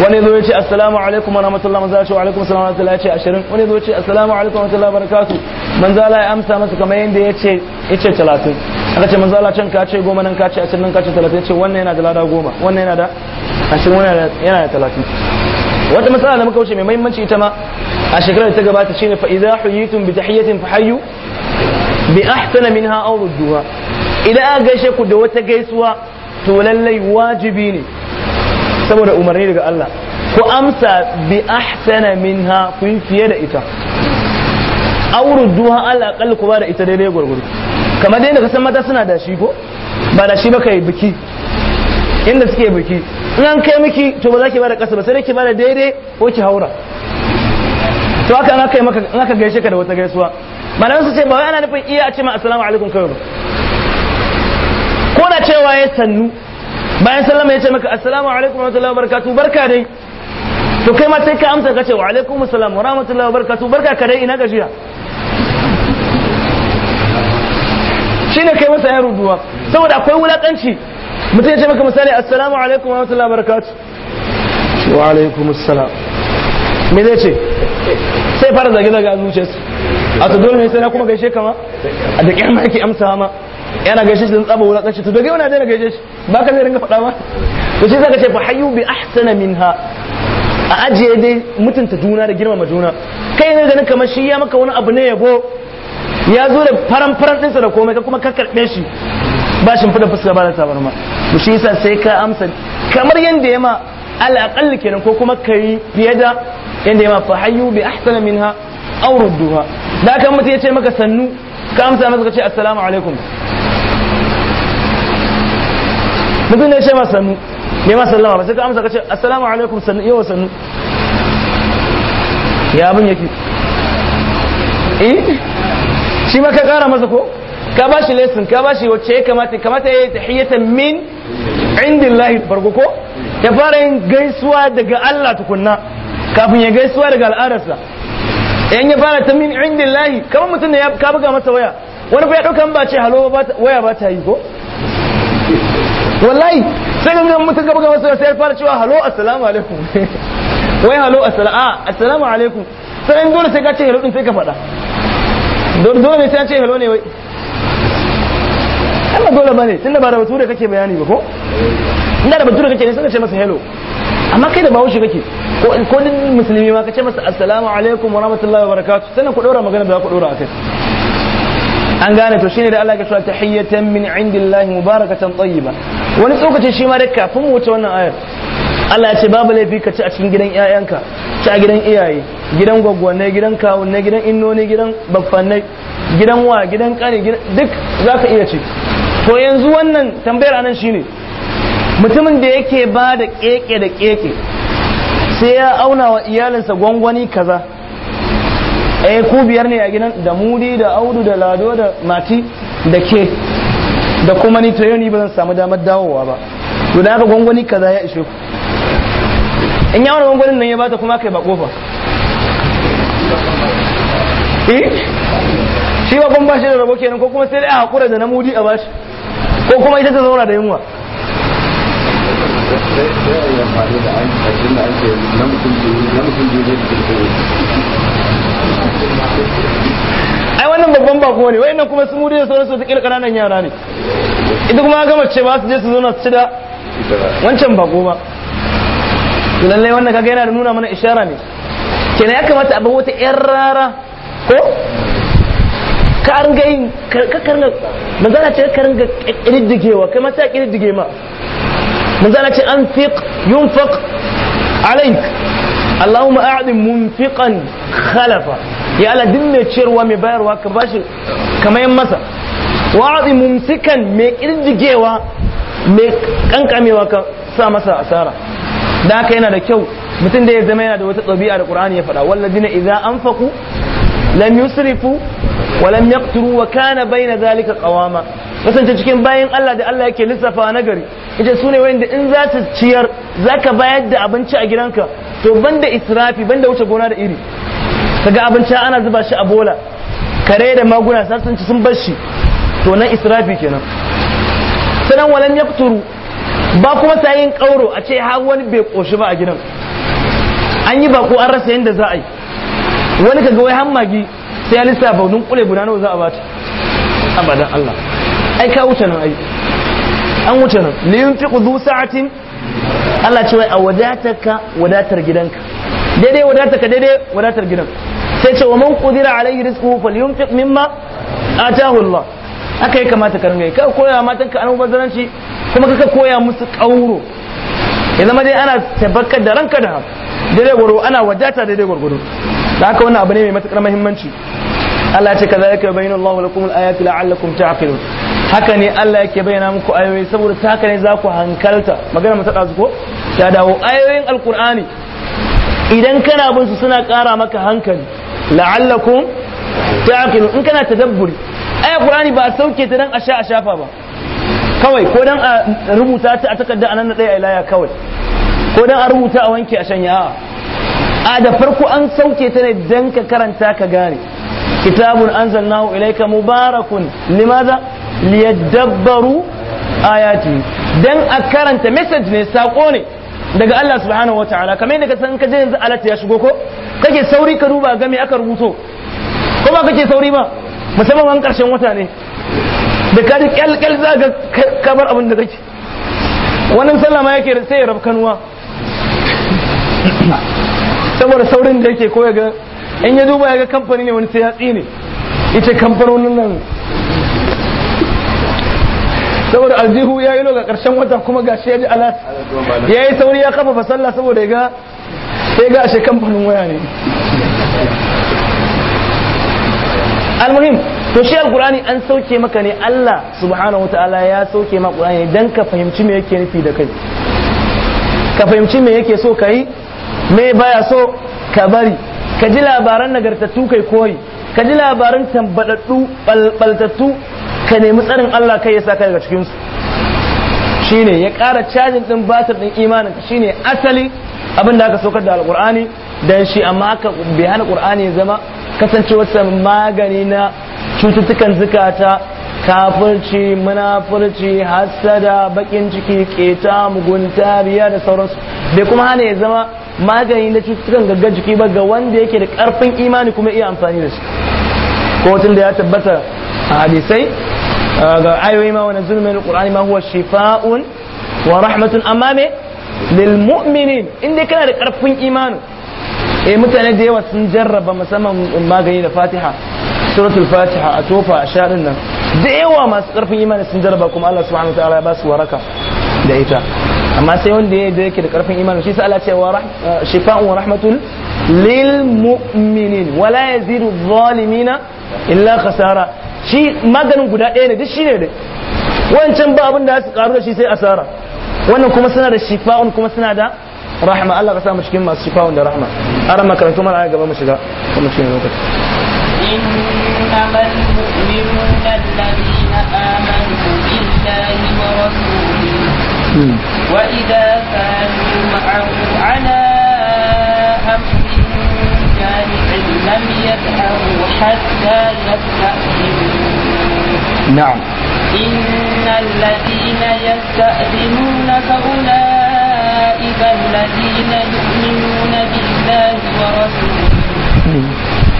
wani zo ya ce assalamu alaikum wa rahmatullah manzo Allah ya ce wa alaikum assalam wa ya ce 20 wani zo ya ce assalamu alaikum wa rahmatullah barakatuh manzo Allah ya amsa masa kamar yanda ya ce ya ce 30 aka ce manzo Allah can ka ce goma nan ka ce 20 nan ka ce 30 ya ce wannan yana da lada goma wannan yana da 20 wannan yana da 30 wata matsala da muka wuce mai mahimmanci ita ma a shekarar da ta gabata shine fa idza huyitum bi tahiyatin fa hayyu bi ahsana minha aw rudduha idan aka gaishe ku da wata gaisuwa to lallai wajibi ne saboda umarni daga Allah ku amsa bi ahsana minha ku yi fiye da ita aw rudduha ala aqall ku ba da ita daidai gurguru kamar dai da kasan mata suna da shi ko ba da shi ba kai biki inda suke biki in an kai miki to ba za ki bada kasa ba sai dai ki bada daidai ko ki haura to haka aka kai maka in aka gaishe ka da wata gaisuwa malamin su ce ba wai ana nufin iya a ce ma assalamu alaikum kai ba ko da cewa ya sannu bayan sallama ya ce maka assalamu alaikum wa rahmatullahi wa barakatuh barka dai to kai ma sai ka amsa ka ce wa alaikum assalam wa rahmatullahi wa barakatuh barka ka dai ina gajiya shine kai masa yaro duwa saboda akwai wulakanci mutum ya ce maka misali assalamu alaikum wa rahmatullahi barakatu wa alaikum assalam me zai ce sai fara zage zage a zuciyarsa a ta dole ne sai na kuma gaishe kama a da kyan maki amsa ma yana gaishe shi don tsaba wulakanci to daga yau na daina gaishe shi ba ka zai ringa faɗa ba to shi zaka ce fa hayu bi ahsana minha a ajiye dai mutunta juna da girmama juna kai ne ganin kamar shi ya maka wani abu ne yabo ya zo da faran faran ɗinsa da komai ka kuma ka karɓe shi ba shimfiɗa fuska ba da tabarma to shi yasa sai ka amsa kamar yanda ya ma al'aqalli kenan ko kuma kai fiye da yanda ya fa hayyu bi ahsana minha aw rudduha da kan mutum ya ce maka sannu ka amsa masa ka ce assalamu alaikum mutum ne ya ce sannu ne ma sallama ba sai ka amsa ka ce assalamu alaikum sannu yau sannu ya abin yake eh shi ma kara masa ko ka ba shi lesson ka ba shi wacce ya kamata kamata ya yi tahiyatan min indillahi farko ko ya fara yin gaisuwa daga Allah tukunna kafin ya gaisuwa daga al'adarsa yan ya fara ta min lahi kamar mutum ne ya ka buga masa waya wani ba ya daukan ba ce halo waya ba ta yi ko wallahi sai ga mutum ka buga masa waya sai ya fara cewa halo assalamu alaikum wai halo ah, assalamu alaikum sai dole sai ka ce halo din sai ka faɗa dole sai ka ce halo ne wai Allah dole bane tunda ba da bature kake bayani ba ko inda da bature kake ne sai ka ce masa hello amma kai da bahaushe kake ko ko musulmi ma ka ce masa assalamu alaikum wa rahmatullahi wa barakatuh sannan ku dora magana da ku dora akai an gane to shine da Allah ya ta tahiyatan min indillahi mubarakatan tayyiba wani tsokace shi ma da kafin mu wuce wannan ayar Allah ya ce babu laifi ka ci a cikin gidan iyayenka ci a gidan iyaye gidan gwaggwanne gidan kawunne gidan innoni gidan baffanne gidan wa gidan kare duk zaka iya ci to yanzu wannan tambayar anan shine mutumin da yake ba da keke da keke sai ya auna wa iyalinsa gwangwani kaza eh ku biyar ne a gidan da mudi da audu da lado da mati da ke da kuma ni to yau ni ba zan samu damar dawowa ba to da haka gwangwani kaza ya ishe ku in ya auna gwangwanin nan ya bata kuma kai ba kofa eh shi ba kun bashi da rabo kenan ko kuma sai dai a hakura da namudi a bashi ko kuma ita ta zauna da yunwa ai wannan babban bako ne wayannan kuma su mudu da sauransu ta kila kananan yara ne ita kuma ga mace ba su je su zauna su cida. da wancan bako ba to lallai wannan kaga yana nuna mana ishara ne kenan ya kamata a wata yan rara ko ka ringa yin ka ringa manzana ce ka ringa kididdigewa kai ma sai kididdige ma manzana ce an fiq yunfaq alaik Allahumma a'din munfiqan khalafa ya Allah duk mai ciyarwa mai bayarwa ka bashi kamar masa wa a'din mumsikan mai kididdigewa mai kankamewa ka sa masa asara da haka yana da kyau mutum da ya zama yana da wata tsabi'a da Qur'ani ya faɗa wallazina idza anfaqu lam yusrifu walam yaqturu wa kana baina zalika qawama kasance cikin bayin Allah da Allah yake lissafa na gari ita sune wanda in za su ciyar zaka bayar da abinci a gidanka to banda israfi banda wuce gona da iri kaga abinci ana zuba shi a bola kare da maguna sun ci sun bar shi to nan israfi kenan sanan walam yaqturu ba kuma sayin kauro a ce har wani bai koshi ba a gidan an yi bako an rasa yanda za a yi wani kaga wai magi sai ya lissafa baudin kule guda nawa za a bata abadan Allah ai ka wuce nan ai an wuce nan Liyun fi dhu sa'atin Allah ce wai a wadataka wadatar gidanka daidai wadataka daidai wadatar gidan sai ce wa man qudira alayhi rizquhu fi mimma atahu Allah aka yi kamata ka ringa ka koya matan ka almubazzaranci kuma ka koya musu kauro ya zama dai ana tabbakar da ranka da daidai gwaro ana wadata daidai gwargwaro da haka wannan abu ne mai matukar muhimmanci Allah ya ce kaza yake bayyana Allah lakum al-ayati la'allakum ta'qilun haka ne Allah yake bayyana muku ayoyi saboda ta haka ne za ku hankalta magana mu ta ko ta dawo ayoyin alqur'ani idan kana bin su suna ƙara maka hankali la'allakum ta'qilun in kana tadabburi aya qur'ani ba sauke ta dan a sha a shafa ba kawai ko dan a rubuta ta a takarda anan da ɗaya ilaya kawai ko dan a rubuta a wanke a shanya a'a a da farko an sauke ta ne dan ka karanta ka gane kitabun anzalnahu ilaika mubarakun limaza liyadabbaru ayati dan a karanta message ne saƙo ne daga Allah subhanahu ta'ala kamar yadda ka san ka je yanzu alat ya shigo ko kake sauri ka duba ga me aka rubuto ko ba kake sauri ba musamman an karshen wata ne da ka ji kyalkyal za ga kamar abin da kake wannan sallama yake sai ya rabkanuwa saboda saurin da yake koya ga in ya duba ya ga kamfani ne wani sai ya tsine ita kamfanonin nan saboda aljihu ya yi ga karshen wata kuma ga shi ya ji alat ya yi sauri ya kafa fasalla saboda ya ga sai ga ashe kamfanin waya ne almuhim to shi alkurani an sauke maka ne Allah subhanahu wataala ya sauke maka qur'ani dan ka fahimci me yake nufi da kai ka fahimci me yake so kai me baya so ka bari ka ji labaran nagartattu kai koyi ka ji labaran tambadaddu balbaltattu ka nemi tsarin Allah kai ya saka daga cikin su shine ya ƙara cajin din batir din imanin shine asali abin da aka saukar da alqur'ani dan shi amma aka bai hana qur'ani zama kasance wata magani na cututtukan zukata kafirci munafurci hasada bakin ciki keta mugunta biya da sauransu bai kuma hana ya zama magani na cututtukan gaggar jiki ba ga wanda yake da karfin imani kuma iya amfani da shi ko tun da ya tabbata a hadisai ga ayoyi ma wani na alqur'ani ma huwa shifa'un wa rahmatun amma me lil mu'minin inda kana da karfin imani eh mutane da yawa sun jarraba musamman magani da fatiha suratul fatiha a tofa a shaɗin nan da yawa masu karfin imani sun jarraba kuma Allah subhanahu wa ta'ala ya ba su waraka da ita amma sai wanda ya da yake da karfin imani shi sa Allah ce wa eh, shifa'un wa rahmatun lil mu'minin wa la yazidu zalimina illa khasara shi maganin guda ɗaya ne duk shine dai wancan ba abin da su karu da shi sai asara wannan kuma suna da shifa'un kuma suna da rahma Allah ka sa mu cikin masu shifa'un da rahma aran makarantu mara gaba mu shiga kuma cikin lokaci إنما المؤمنون الذين آمنوا بالله ورسوله وإذا كانوا معه على أمر جامع لم يذهبوا حتى يستأذنوه نعم إن الذين يستأذنون فأولئك الذين يؤمنون بالله ورسوله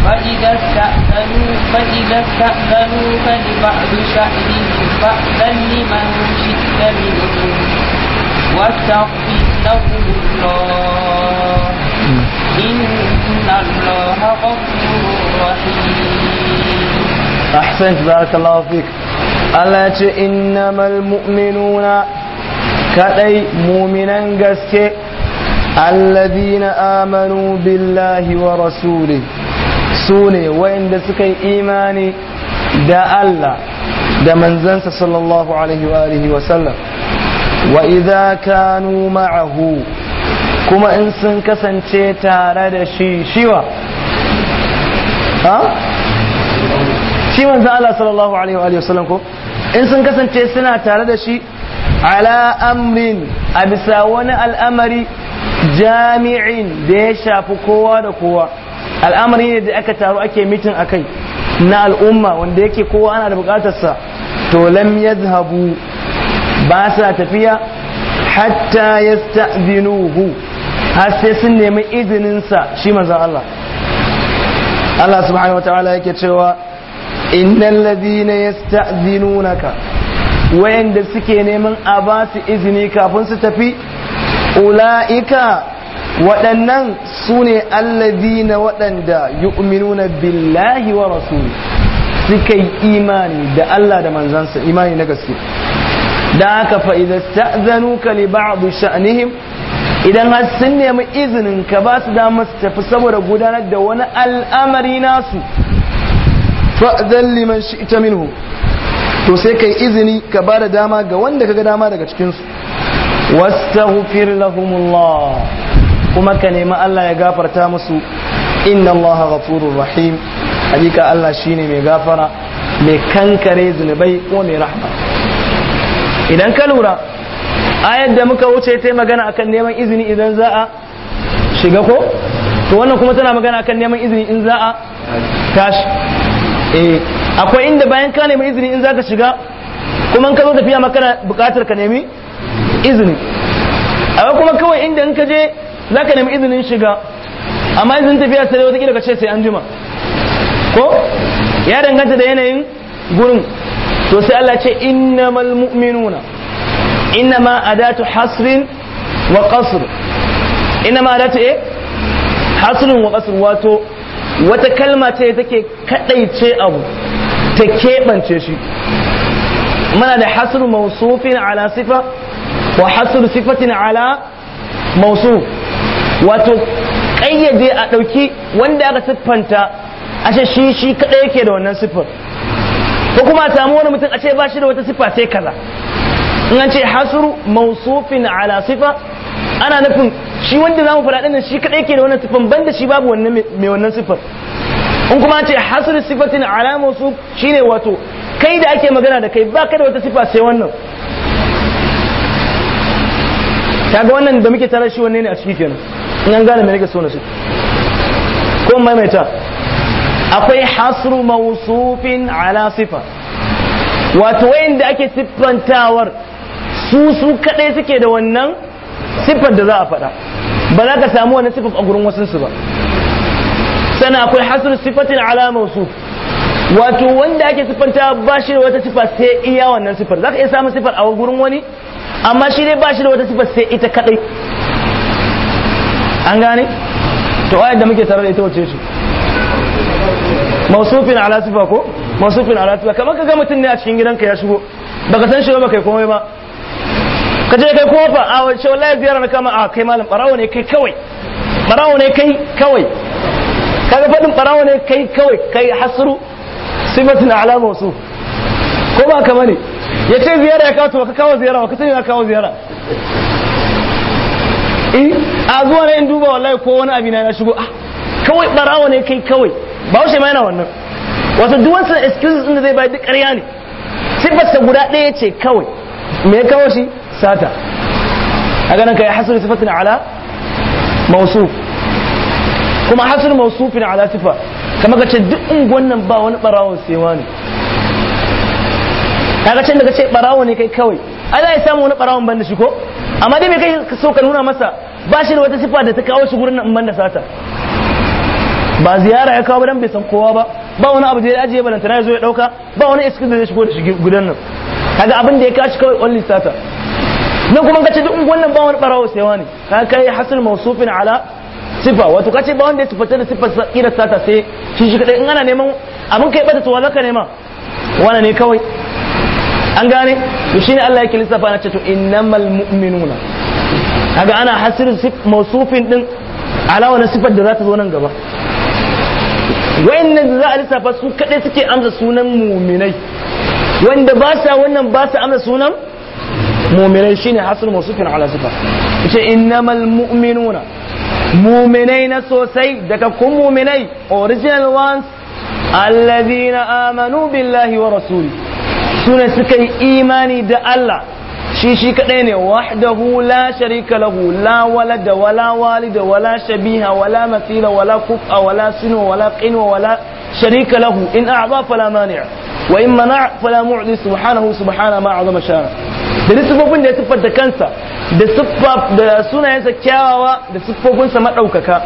فإذا استأذنوا فإذا استأذنوا فلبعض شأنهم فأذن لمن شئت منهم واستغفر لهم الله إن الله غفور رحيم أحسنت بارك الله فيك Allah ce innamal mu'minuna kadai muminan gaske alladhina amanu billahi wa rasuli sune wayanda suka yi imani da Allah da manzansa sallallahu alaihi wa wa sallam wa idza kanu ma'ahu kuma in sun kasance tare da shi shiwa in sun kasance suna tare da shi ala amrin a bisa wani al'amari jami'in da ya shafi kowa da kowa al'amari ne da aka taru ake mitin akai na al'umma wanda yake kowa ana da bukatarsa to lam yadhhabu ba sa tafiya hatta yasta'zinuhu har sai sun nemi izininsa sa shi manzon Allah Allah subhanahu wataala yake cewa innal ladina yasta'zinunaka wayanda suke neman a ba su izini kafin su tafi ula'ika waɗannan su ne allazina waɗanda yu'minuna billahi wa rasuli suka yi imani da Allah da manzansa imani na gaske da haka fa idza sta'zanuka li ba'd sha'nihim idan har sun nemi izinin ka ba su damar su tafi saboda gudanar da wani al'amari nasu fa'zan liman shi'ta minhu to sai kai izini ka ba da dama ga wanda kaga dama daga cikin su wastaghfir lahumullah kuma ka nemi Allah ya gafarta musu inna Allah ghafurur rahim hakika Allah shine mai gafara mai kankare zunubai ko mai rahma idan ka lura ayar da muka wuce ta magana akan neman izini idan za a shiga ko to wannan kuma tana magana akan neman izini in za a tashi eh akwai inda bayan ka nemi izini in za ka shiga kuma in ka zo tafiya makana bukatar ka nemi izini akwai kuma kawai inda in ka je za ka nemi izinin shiga amma izinin tafiya sai wata kila ka ce sai an jima ko ya danganta da yanayin gurin to sai Allah ce innamal mu'minuna innama adatu hasrin wa qasr innama adatu eh hasrin wa qasr wato wata kalma ce take kadaice abu ta kebance shi muna da hasr mawsufin ala sifa wa hasr sifatin ala mawsuf wato kayyade a dauki wanda aka siffanta ashe shi shi kada yake da wannan siffar ko kuma a samu wani mutum a ce ba shi da wata sifa sai kaza in an ce hasru mausufin ala sifa ana nufin shi wanda zamu faɗa ɗin shi kaɗai ke da wannan sifan banda shi babu wannan mai wannan sifar in kuma an ce hasru sifatin ala mausuf shine wato kai da ake magana da kai ba ka da wata sifa sai wannan kaga wannan da muke tare shi wanne ne a ciki kenan in an gane me nake so na shi ko maimaita akwai hasru mausufin ala sifa wato wayanda ake siffantawar su su kadai suke da wannan siffar da za a fada ba za ka samu wani siffar a gurin wasansu ba sana akwai hasru sifatin ala mausuf wato wanda ake siffanta ba shi da wata siffa sai iya wannan siffar za ka iya samun siffar a gurin wani amma shi dai ba shi da wata siffar sai ita kadai an gane to ayar da muke tare da ita wace ce mausufin ala sifa ko mausufin ala sifa kamar ka ga mutum ne a cikin gidanka ya shigo baka san shi ba kai komai ba ka je kai kofa a wace wallahi biyar na kama a kai malam barawo ne kai kawai barawo ne kai kawai kaga fadin barawo ne kai kawai kai hasru sifatin ala mausuf ko ba ka ne ya ce ziyara ya kawo ka kawo ziyara ka sani ya kawo ziyara eh a zuwa ne in duba wallahi ko wani abin ya shigo ah kawai barawo ne kai kawai ba ma yana wannan wato duk wasu excuses din da zai bayar duk ƙarya ne sifarsa guda ɗaya ce kawai me ya kawo shi sata a ganin ka ya hasuri sifatin ala mausu kuma hasuri fina ala sifa kamar ka ce duk unguwan nan ba wani barawon sewa ne kaga can daga ce barawon ne kai kawai ai za ya samu wani barawon banda shi ko amma dai me kai so ka nuna masa ba shi da wata sifa da ta kawo shi gurin nan banda sata ba ziyara ya kawo ba dan bai san kowa ba ba wani abu da ya ajiye balantana ya zo ya dauka ba wani iskin da zai shigo da shigi gudan nan kaga abin da ya kashi kawai wani lissata nan kuma kace duk wannan ba wani barawo sai wani ka kai hasil mawsufin ala sifa wato kace ba wanda ya tufata da sifar kira sata sai shi shi kadai in ana neman abin kai bata tuwa zaka nema wani ne kawai an gane to shine Allah yake lissafa na ce to innamal mu'minuna kaga ana hasil mawsufin din ala wani sifar da za ta zo nan gaba da za a lissafa su kadai suke amsa sunan muminai wanda ba sa wannan ba sa amsa sunan muminai shine hasr musufin ala sifa yace innamal mu'minuna muminai na sosai daga kun muminai original ones alladhina amanu billahi wa rasuli sune suka yi imani da Allah shi shi kaɗai ne wahdahu la sharika lahu la walada wala walida wala shabiha wala mathila wala kufa wala sinu wala qinwa wala sharika lahu in a'za fala mani' wa in mana' fala mu'li subhanahu subhana ma azama sha'an da siffofin da ya siffanta kansa da siffa da sunayensa kyawawa da siffofinsa madaukaka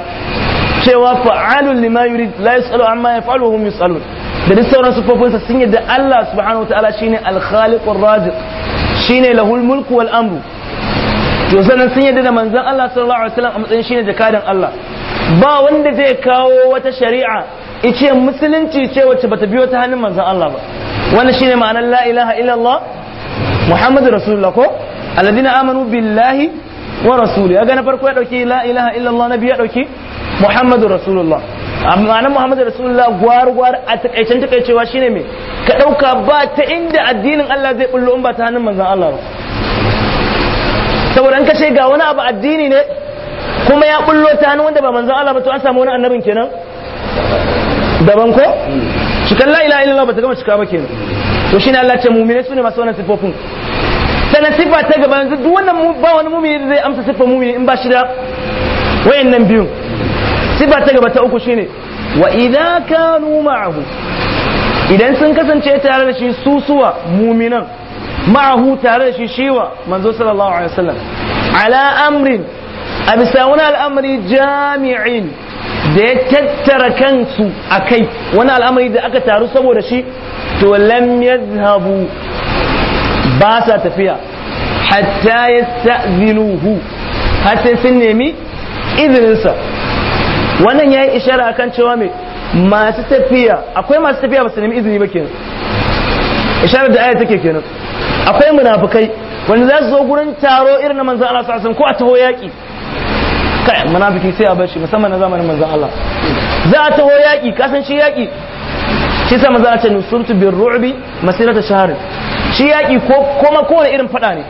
cewa fa'alun lima yurid la yasalu amma yaf'alu hum yasalun da duk sauran sa sun yadda Allah subhanahu wa ta'ala shine al-khaliqur raziq shine lahul mulku wal amru to sanan sun yadda da manzon Allah sallallahu alaihi wasallam a matsayin shine jakadan Allah ba wanda zai kawo wata shari'a ice musulunci ce wacce bata biyo ta hannun manzon Allah ba wannan shine ma'anar la ilaha illallah muhammadu rasulullah ko alladina amanu billahi wa rasuli ga na farko ya dauki la ilaha illallah nabi ya dauki muhammadu rasulullah ma'anar muhammadu rasulullah gwar gwar a takaicen takaicewa shine me ka dauka ba ta inda addinin Allah zai bullo in ba ta hannun manzon Allah ba saboda in ka ce ga wani abu addini ne kuma ya bullo ta hannun wanda ba manzon Allah ba to an samu wani annabin kenan daban ko cikan la ilaha illallah ba ta gama cika ba kenan to shine Allah ce mu'mine su ne masu wannan sifofin sannan sifa ta gaba yanzu duk wannan ba wani mu'mini zai amsa sifa mu'mini in ba shi da wayannan biyun sifa ta gaba ta uku shine wa idza kanu ma'ahu idan sun kasance tare da shi susuwa muminan ma'ahu tare da shi shiwa manzo sallallahu alaihi wasallam ala amrin a bisa wani al'amari jami'in da ya tattara kansu a kai wani al'amari da aka taru saboda shi to lam yadhhabu ba sa tafiya hatta yasta'zinuhu hatta sun nemi izininsa wannan yi ishara kan cewa mai masu tafiya akwai masu tafiya ba su nemi izini ba kenan ishara da aya take kenan akwai munafukai wanda za su zo gurin taro irin na manzan Allah sallallahu ko a taho yaki kai munafiki sai a bar shi musamman na zamanin manzan Allah za a taho yaƙi kasan shi yaƙi shi sa manzan ce nusurtu bin ru'bi masirata shahr shi yaƙi ko kuma kowane irin fada ne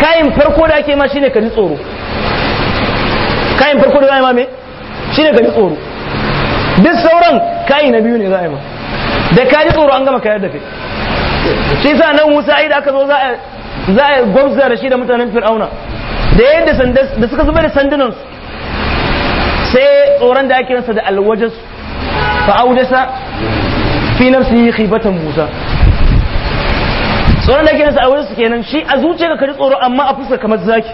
kayan farko da ake ma shine ka ji tsoro kayan farko da ake ma me shi ne ka ji tsoro duk sauran kayi na biyu ne za a yi ma da ka ji tsoro an gama kayar da kai shi sa nan musa ai da aka zo za a gwamza da shi da mutanen fir'auna da yadda da suka zuba da sandunan sai tsoron da ake nasa da alwajas fa'audasa fi nafsi khibatan musa tsoron da ake nasa a wajen su kenan shi a zuciya ka ji tsoro amma a fuska kamar zaki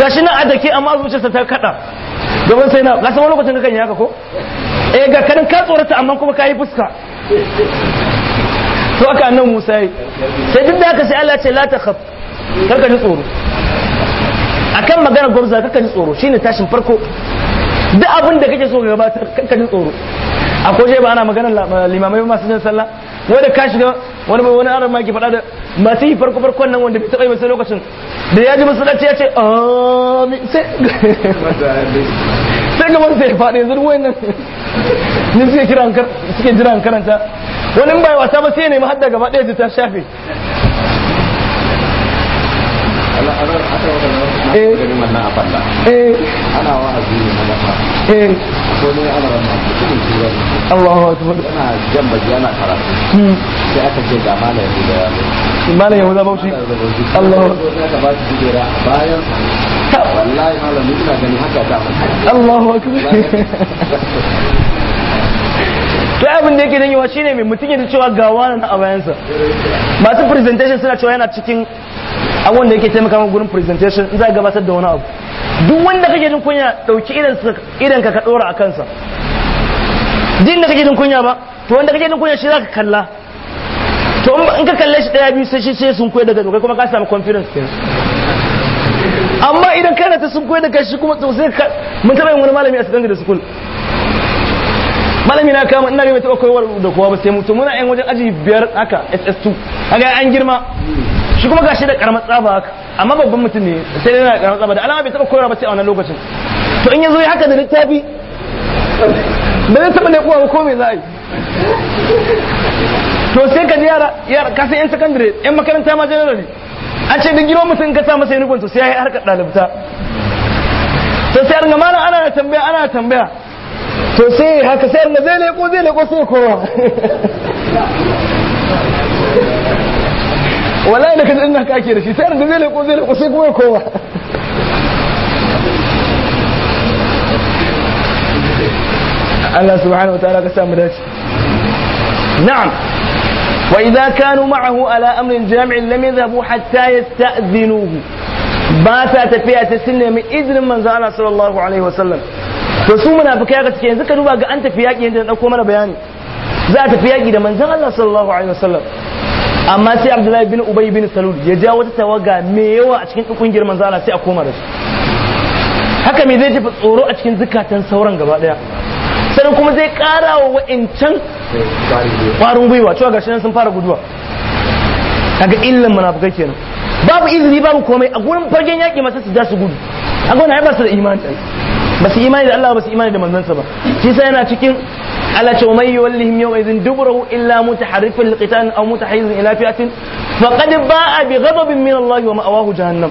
gashi na a dake amma a zuciyarsa ta kada domin sai na kasan wani lokacin kakan yi haka ko eh ga kanin ka tsorata amma kuma ka yi fuska to aka annan musa yi sai duk da haka sai Allah ce la ta khaf karka ji tsoro akan magana gwamza karka ji tsoro shine tashin farko duk abin da kake so ka gabatar karka ji tsoro akwai je ba ana magana limamai masu jin sallah wanda ka shiga wani wani aran ke faɗa da masu yi farko farkon nan wanda bai taɓa yi masu lokacin da ya ji masallaci ya ce amin sai sai gaban sai ya faɗi yanzu ruwan nan ne suke kira suke jira karanta wani bai wasa ba sai ne ma hadda gaba ɗaya ta shafe Allahu akbar ana jan baji ana karatu ya shi to abin da yake shine mai mutum ya cewa ga wani a bayansa masu presentation suna cewa yana cikin an wanda yake taimaka maka gurin presentation in za ka gabatar da wani abu duk wanda kake jin kunya dauki idan ka ka dora a kansa din da kake jin kunya ba to wanda kake jin kunya shi zaka kalla to in ka kalle shi daya biyu sai shi sai sun koyi daga kai kuma ka samu confidence kin amma idan kana ta sun koyi daga shi kuma to sai ka mun taba yin wani malami a da school malami na kama ina ga mai taba koyarwa da kowa ba sai mu to muna yan wajen aji biyar haka SS2 aga an girma shi kuma gashi da karamar tsaba haka amma babban mutum ne sai yana da karamar tsaba da alama bai taba koyarwa ba sai a wannan lokacin to in yazo ya haka da littafi ba zai taba ne ba ko me za a yi to sai ka ji yara yara ka san yan secondary yan makaranta ma ne an ce duk girman mutum ka sa masa yunifon to sai ya yi harkar dalibta to sai ringa mana ana tambaya ana tambaya to sai haka sai ringa zai leko zai leko sai kowa wala da kaji ina ka ake da shi sai da zai leko zai leko sai kuma ya koma Allah subhanahu wa wataala ka samu dace na'am wa idza kanu ma'ahu ala amrin jami'in lam yadhhabu hatta yasta'dhinuhu ba ta tafiya ta sun nemi izinin manzo Allah sallallahu alaihi wasallam to su munafikai ga suke yanzu ka duba ga an tafi yaki yanda na dauko mana bayani za a tafi yaki da manzon Allah sallallahu alaihi wasallam amma sai abdullahi bin ubay bin salul ya ja wata tawaga mai yawa a cikin ɗukun girman zana sai a koma da su haka me zai jefa tsoro a cikin zukatan sauran gaba daya sannan kuma zai kara wa wa'incan kwarin gwiwa cewa gashi nan sun fara guduwa kaga illan munafikai kenan babu izini babu komai a gurin fargen yaki masa su ja su gudu a gona ya ba su da imani ba su imani da Allah ba su imani da manzansa ba shi sa yana cikin ala ce mai yawallihim yau idin duburahu illa mutaharrifin liqitan aw mutahayyizin ila fi'atin ba a bi gababin min Allah wa ma'awahu jahannam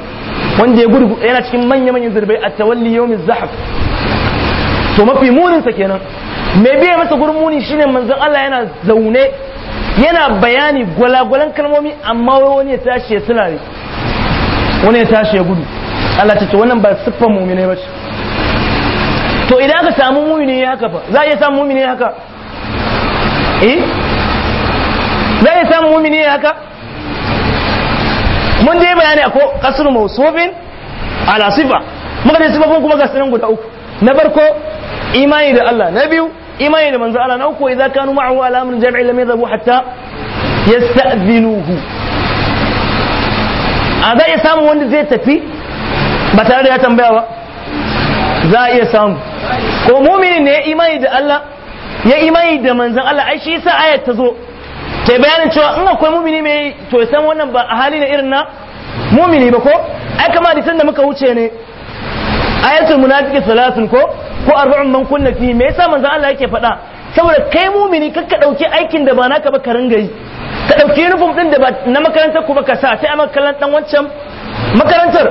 wanda ya gudu yana cikin manya manyan zurbai a tawalli yawmiz zahab to mafi muninsa kenan mai biya masa gurmuni shine manzan. Allah yana zaune yana bayani gwalagwalan kalmomi amma wani ya tashi ya sulare wani ya tashi ya gudu Allah ta ce wannan ba siffar mu'mine ba ce to idan aka samu mumini haka fa za a iya samu mumini haka eh za a iya samu mumini haka mun dai bayani ko kasr mausufin ala sifa muka ne sifafin kuma ga sanin guda uku na farko imani da Allah na biyu imani da manzo Allah na uku idza kanu ma'ahu ala amrin jam'i lam yadhabu hatta yasta'dhinuhu a da iya samu wanda zai tafi ba tare da ya tambaya ba za a iya samu ko muminin ne ya imani da Allah ya imani da manzan Allah ai shi yasa ayat ta zo ta bayanin cewa in akwai mumini mai to san wannan ba a hali na irin na mumini ba ko ai kama da da muka wuce ne ayatul munafiqi salatun ko ko arba'un man kunna fi me yasa manzan Allah yake faɗa saboda kai mumini kakka dauki aikin da ba naka ba ka ringa yi ka dauki uniform din da ba na makarantar ku ba ka sa sai a makarantar dan wancan makarantar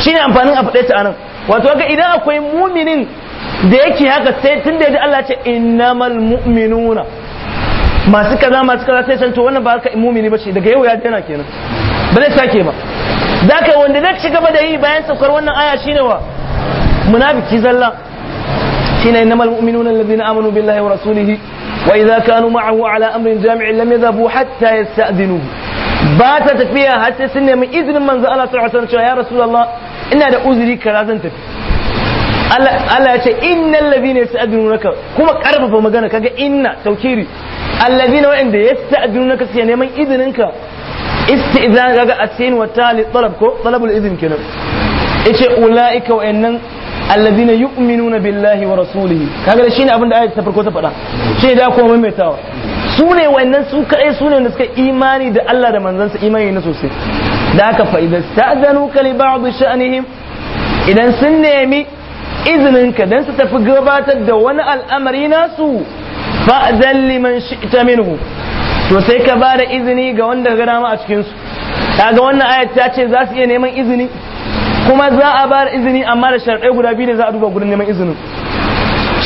shine amfanin a faɗe ta anan wato ga idan akwai muminin da yake haka sai tun da ya Allah ce innamal mu'minuna masu kaza masu kaza sai san to wannan ba haka mumini ba ce daga yau ya daina kenan ba zai sake ba zaka wanda zai ci gaba da yi bayan saukar wannan aya shi ne wa munafiki zalla shine innamal mu'minuna alladhina amanu billahi wa rasulihi وإذا كانوا معه على أمر جامع لم يذهبوا حتى يستأذنوه ba ta tafiya har sai sun nemi manza ala Allah sallallahu alaihi wasallam ya rasulullah ina da uzuri kaza zan Allah ya ce innal ladina yasta'dinunaka kuma karfafa magana kaga inna taukiri alladina wa'inda yasta'dinunaka a neman izininka isti'zan kaga asin wa tali talab ko talabul izin kenan yace ulaika wa'annan allazina yu'minuna billahi wa rasulihi kaga shine abin da ayatu ta farko ta faɗa shi da kuma maimaitawa su ne wannan su kai su ne wanda suka imani da Allah da manzansa imani ne sosai da haka fa idan ka li ba'd sha'nihim idan sun nemi izininka dan su tafi gabatar da wani al'amari nasu fa'zan liman shi'ta minhu to sai ka ba da izini ga wanda ga dama a cikin su kaga wannan ayat ta ce za su iya neman izini kuma za a bar izini amma da sharɗai guda biyu ne za a duba gurin neman izinin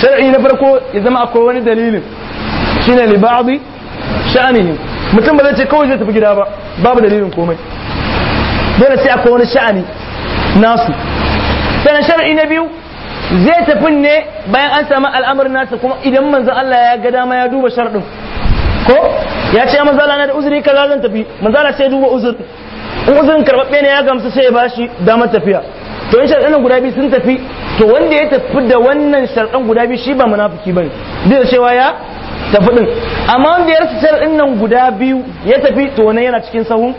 shar'i na farko ya zama akwai wani dalilin shine li ba'di sha'anihim mutum ba zai ce kawai zai tafi gida ba babu dalilin komai dole sai akwai wani sha'ani nasu sannan shar'i na biyu zai tafi ne bayan an samu al'amarin nasa kuma idan manzo Allah ya ga dama ya duba sharɗin ko ya ce manzo Allah na da uzuri kaza zan tafi manzo Allah sai duba uzuri in uzurin karɓaɓɓe ne ya gamsu sai ya ba shi damar tafiya to in sharɗan guda biyu sun tafi to wanda ya tafi da wannan sharɗan guda biyu shi ba munafiki bane duk da cewa ya tafi din amma wanda ya rasa sharɗin nan guda biyu ya tafi to wannan yana cikin sahun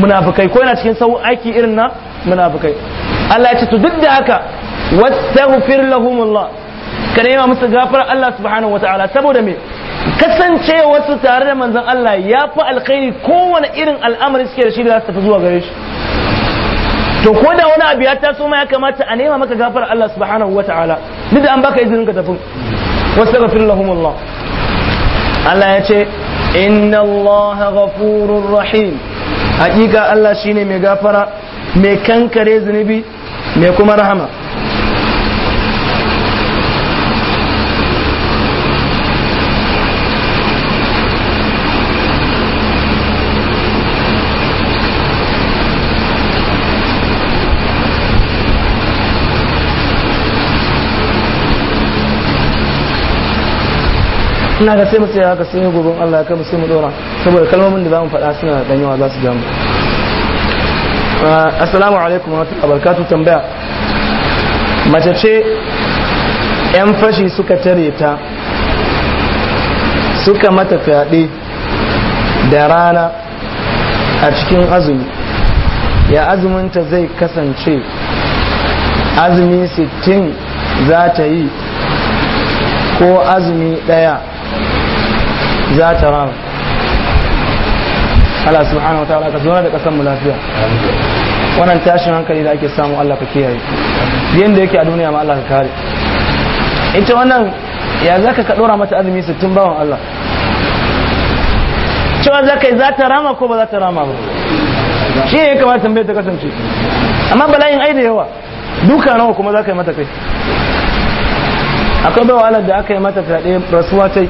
munafikai ko yana cikin sahun aiki irin na munafikai Allah ya ce to duk da haka wastaghfir ka nema musu gafarar Allah subhanahu wataala saboda me wasu tare da manzon Allah ya fi alkhairi kowane irin al'amari suke da shi da za su zuwa gare shi to ko da wani abu ya taso ma ya kamata a nema maka gafarar Allah subhanahu wataala duk da an baka izinin ka tafi wastaghfir lahum Allah Allah ya ce inna Allah ghafurur rahim hakika Allah shine mai gafara mai kankare zunubi mai kuma rahama ina ga sai mu tsaya haka sai gobin Allah ka mu sai mu dora saboda kalmomin da zamu faɗa suna da yawa za su jamu ah, assalamu alaikum wa rahmatullahi tambaya mace ce yan fashi suka tare ta suka mata fyaɗe da rana a cikin azumi ya azuminta zai kasance azumi sittin za ta yi ko azumi ɗaya za ta rama Allah subhanahu wa ta'ala ka zauna da kasan mu lafiya wannan tashin hankali da ake samu Allah ka kiyaye Yadda yake a duniya ma Allah ka kare ita wannan ya zaka ka dora mata azumi 60 bawan Allah cewa za ka yi za ta rama ko ba za ta rama ba shi ne ya kamata tambayar ta kasance amma bala'in ai da yawa duka nawa kuma za ka yi mata kai akwai bawa Allah da aka yi mata fyaɗe rasuwa ta yi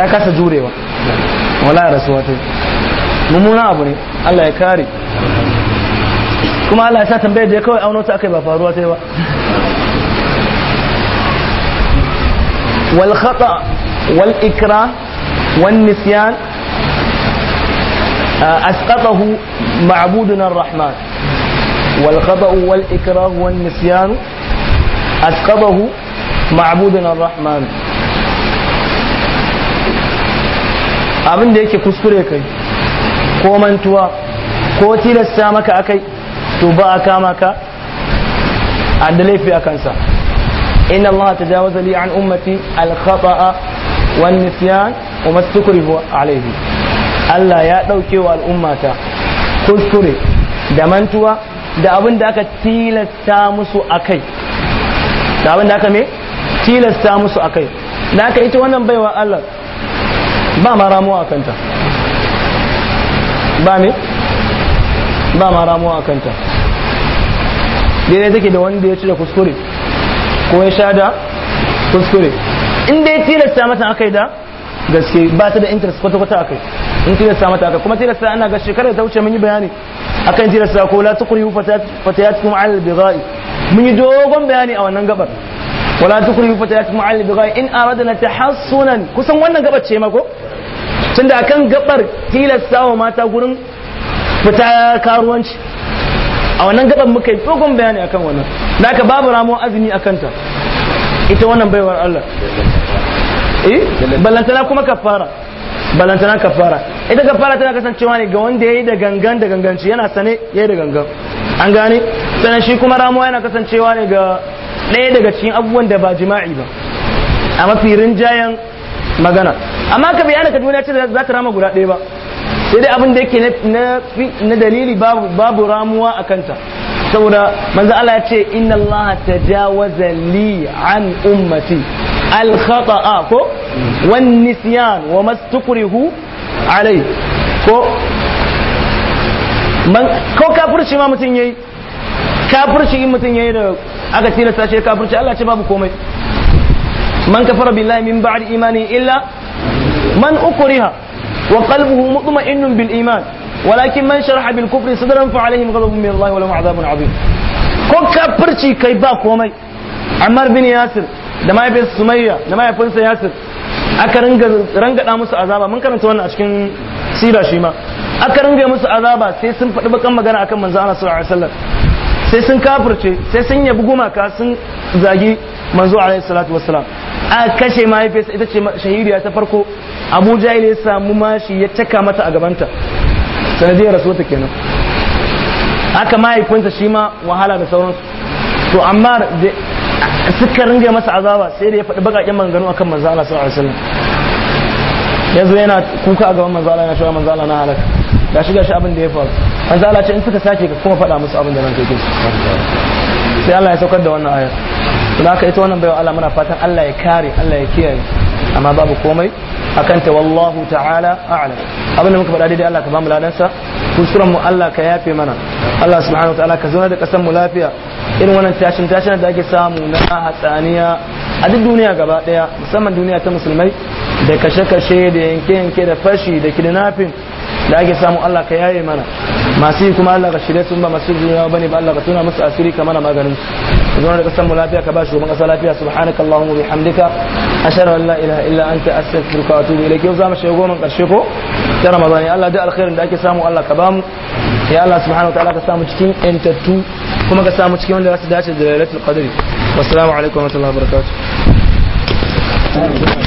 ta kasa jurewa wala rasuwa ta mummuna abu ne Allah ya kare kuma Allah ya sa tambayar da ya kawai auno ta akai ba faruwa ta yi ba wal khata wal ikra wal nisyan asqatahu ma'buduna ar-rahman wal khata wal ikra wal nisyan asqatahu ma'buduna ar-rahman abin da yake kuskure kai ko mantuwa ko tilasta maka akai to ba a kama ka a da laifi a kansa inna allaha tajawaza li an ummati al-khata'a wan nisyan wa mastukrihu alayhi Allah ya dauke wa al'ummata kuskure da mantuwa da abin da aka tilasta musu akai da abin da aka me tilasta musu akai da aka ita wannan baiwa Allah ba ma ramuwa a kanta ba ne ba ma ramuwa a kanta dai take da wanda ya ci da kuskure ko ya sha da kuskure in dai tilasta mata yi da gaske ba ta da interest kwata-kwata yi in tilasta mata aka kuma tilasta ana ga shekarar ta wuce mun yi bayani akan tilasta ko la tukrihu fatayatukum ala al-bigha'i mun yi dogon bayani a wannan gabar wala tukrihu fatayatukum ala al-bigha'i in ta hasunan kusan wannan gabar ce mako. tunda akan gabar tilasta wa mata gurin fita karuwanci a wannan gabar muka yi dogon bayani akan wannan da aka babu ramon azumi a kanta ita wannan baiwar Allah eh ballantana kuma kafara ballantana kafara ita kafara tana kasancewa ne ga wanda ya yi da gangan da ganganci yana sane ya yi da gangan an gane sanan shi kuma ramo yana kasancewa ne ga ɗaya daga cikin abubuwan da ba jima'i ba a mafi rinjayen magana amma ka bayyana kaduna ce za ta rama guda ɗaya ba sai dai abin da yake na dalili babu ramuwa a kanta saboda manzo Allah ya ce inna Allah tajawaza li an ummati al khata'a ko wan nisyan wa mastukrihu alai ko man ko kafirci ma mutun yayi kafirci in mutun yayi da aka tilasta shi kafirci Allah ce babu komai man kafara billahi min ba'di imani ila man ukriha wa qalbuhu mutma'innun bil iman walakin man sharaha bil kufri sadran fa alaihim ghadabun min Allah wa lahum adhabun adhim ko kai ba komai Ammar bin Yasir da mahaifinsa Sumayya da mahaifinsa Yasir aka rangada musu azaba mun karanta wannan a cikin sira shi ma aka ringa musu azaba sai sun faɗi bakan magana akan manzo Allah sallallahu alaihi wasallam sai sun kafirce sai sun yabi gumaka sun zagi manzo alaihi salatu wassalam a kashe mahaifiyarsa ita ce shahidiya ta farko abu jahil ya samu mashi ya caka mata a gabanta sanadiyar ta kenan aka mahaifinta shi ma wahala da sauransu to amma suka ringa masa azaba sai da ya faɗi bakaƙen manganu akan manzo Allah salatu wassalam yanzu yana kuka a gaban manzo Allah salatu wassalam manzo na halaka gashi shi abin da ya faru manzo Allah ce in suka sake ka kuma faɗa musu abin da nan yake sai Allah ya saukar da wannan ayar to haka ita wannan bayan Allah muna fatan Allah ya kare Allah ya kiyaye amma babu komai akan ta wallahu ta'ala a'ala abin da muka faɗa daidai Allah ka bamu ladan sa kusuran mu Allah ka yafe mana Allah subhanahu ta'ala ka zauna da kasan mu lafiya irin wannan tashin tashin da ake samu na hatsaniya a duk duniya gaba daya musamman duniya ta musulmai da kashe-kashe da yanke-yanke da fashi da kidnapping da ake samu Allah ka yaye mana masu yi kuma Allah ka shirye sun ba masu duniya bane ba Allah ka tuna musu asiri ka mana maganin su zuwa da kasan mu lafiya ka ba shugaban kasa lafiya subhanaka allahumma bihamdika ashhadu an la ilaha illa anta astaghfiruka wa atubu ilayk yau zamu shiga goma karshe ko ta ramadan Allah da alkhairin da ake samu Allah ka mu ya Allah subhanahu wa ta'ala ka samu cikin entattu kuma ka samu cikin wanda za su dace da lailatul qadri wassalamu alaikum wa rahmatullahi wa barakatuh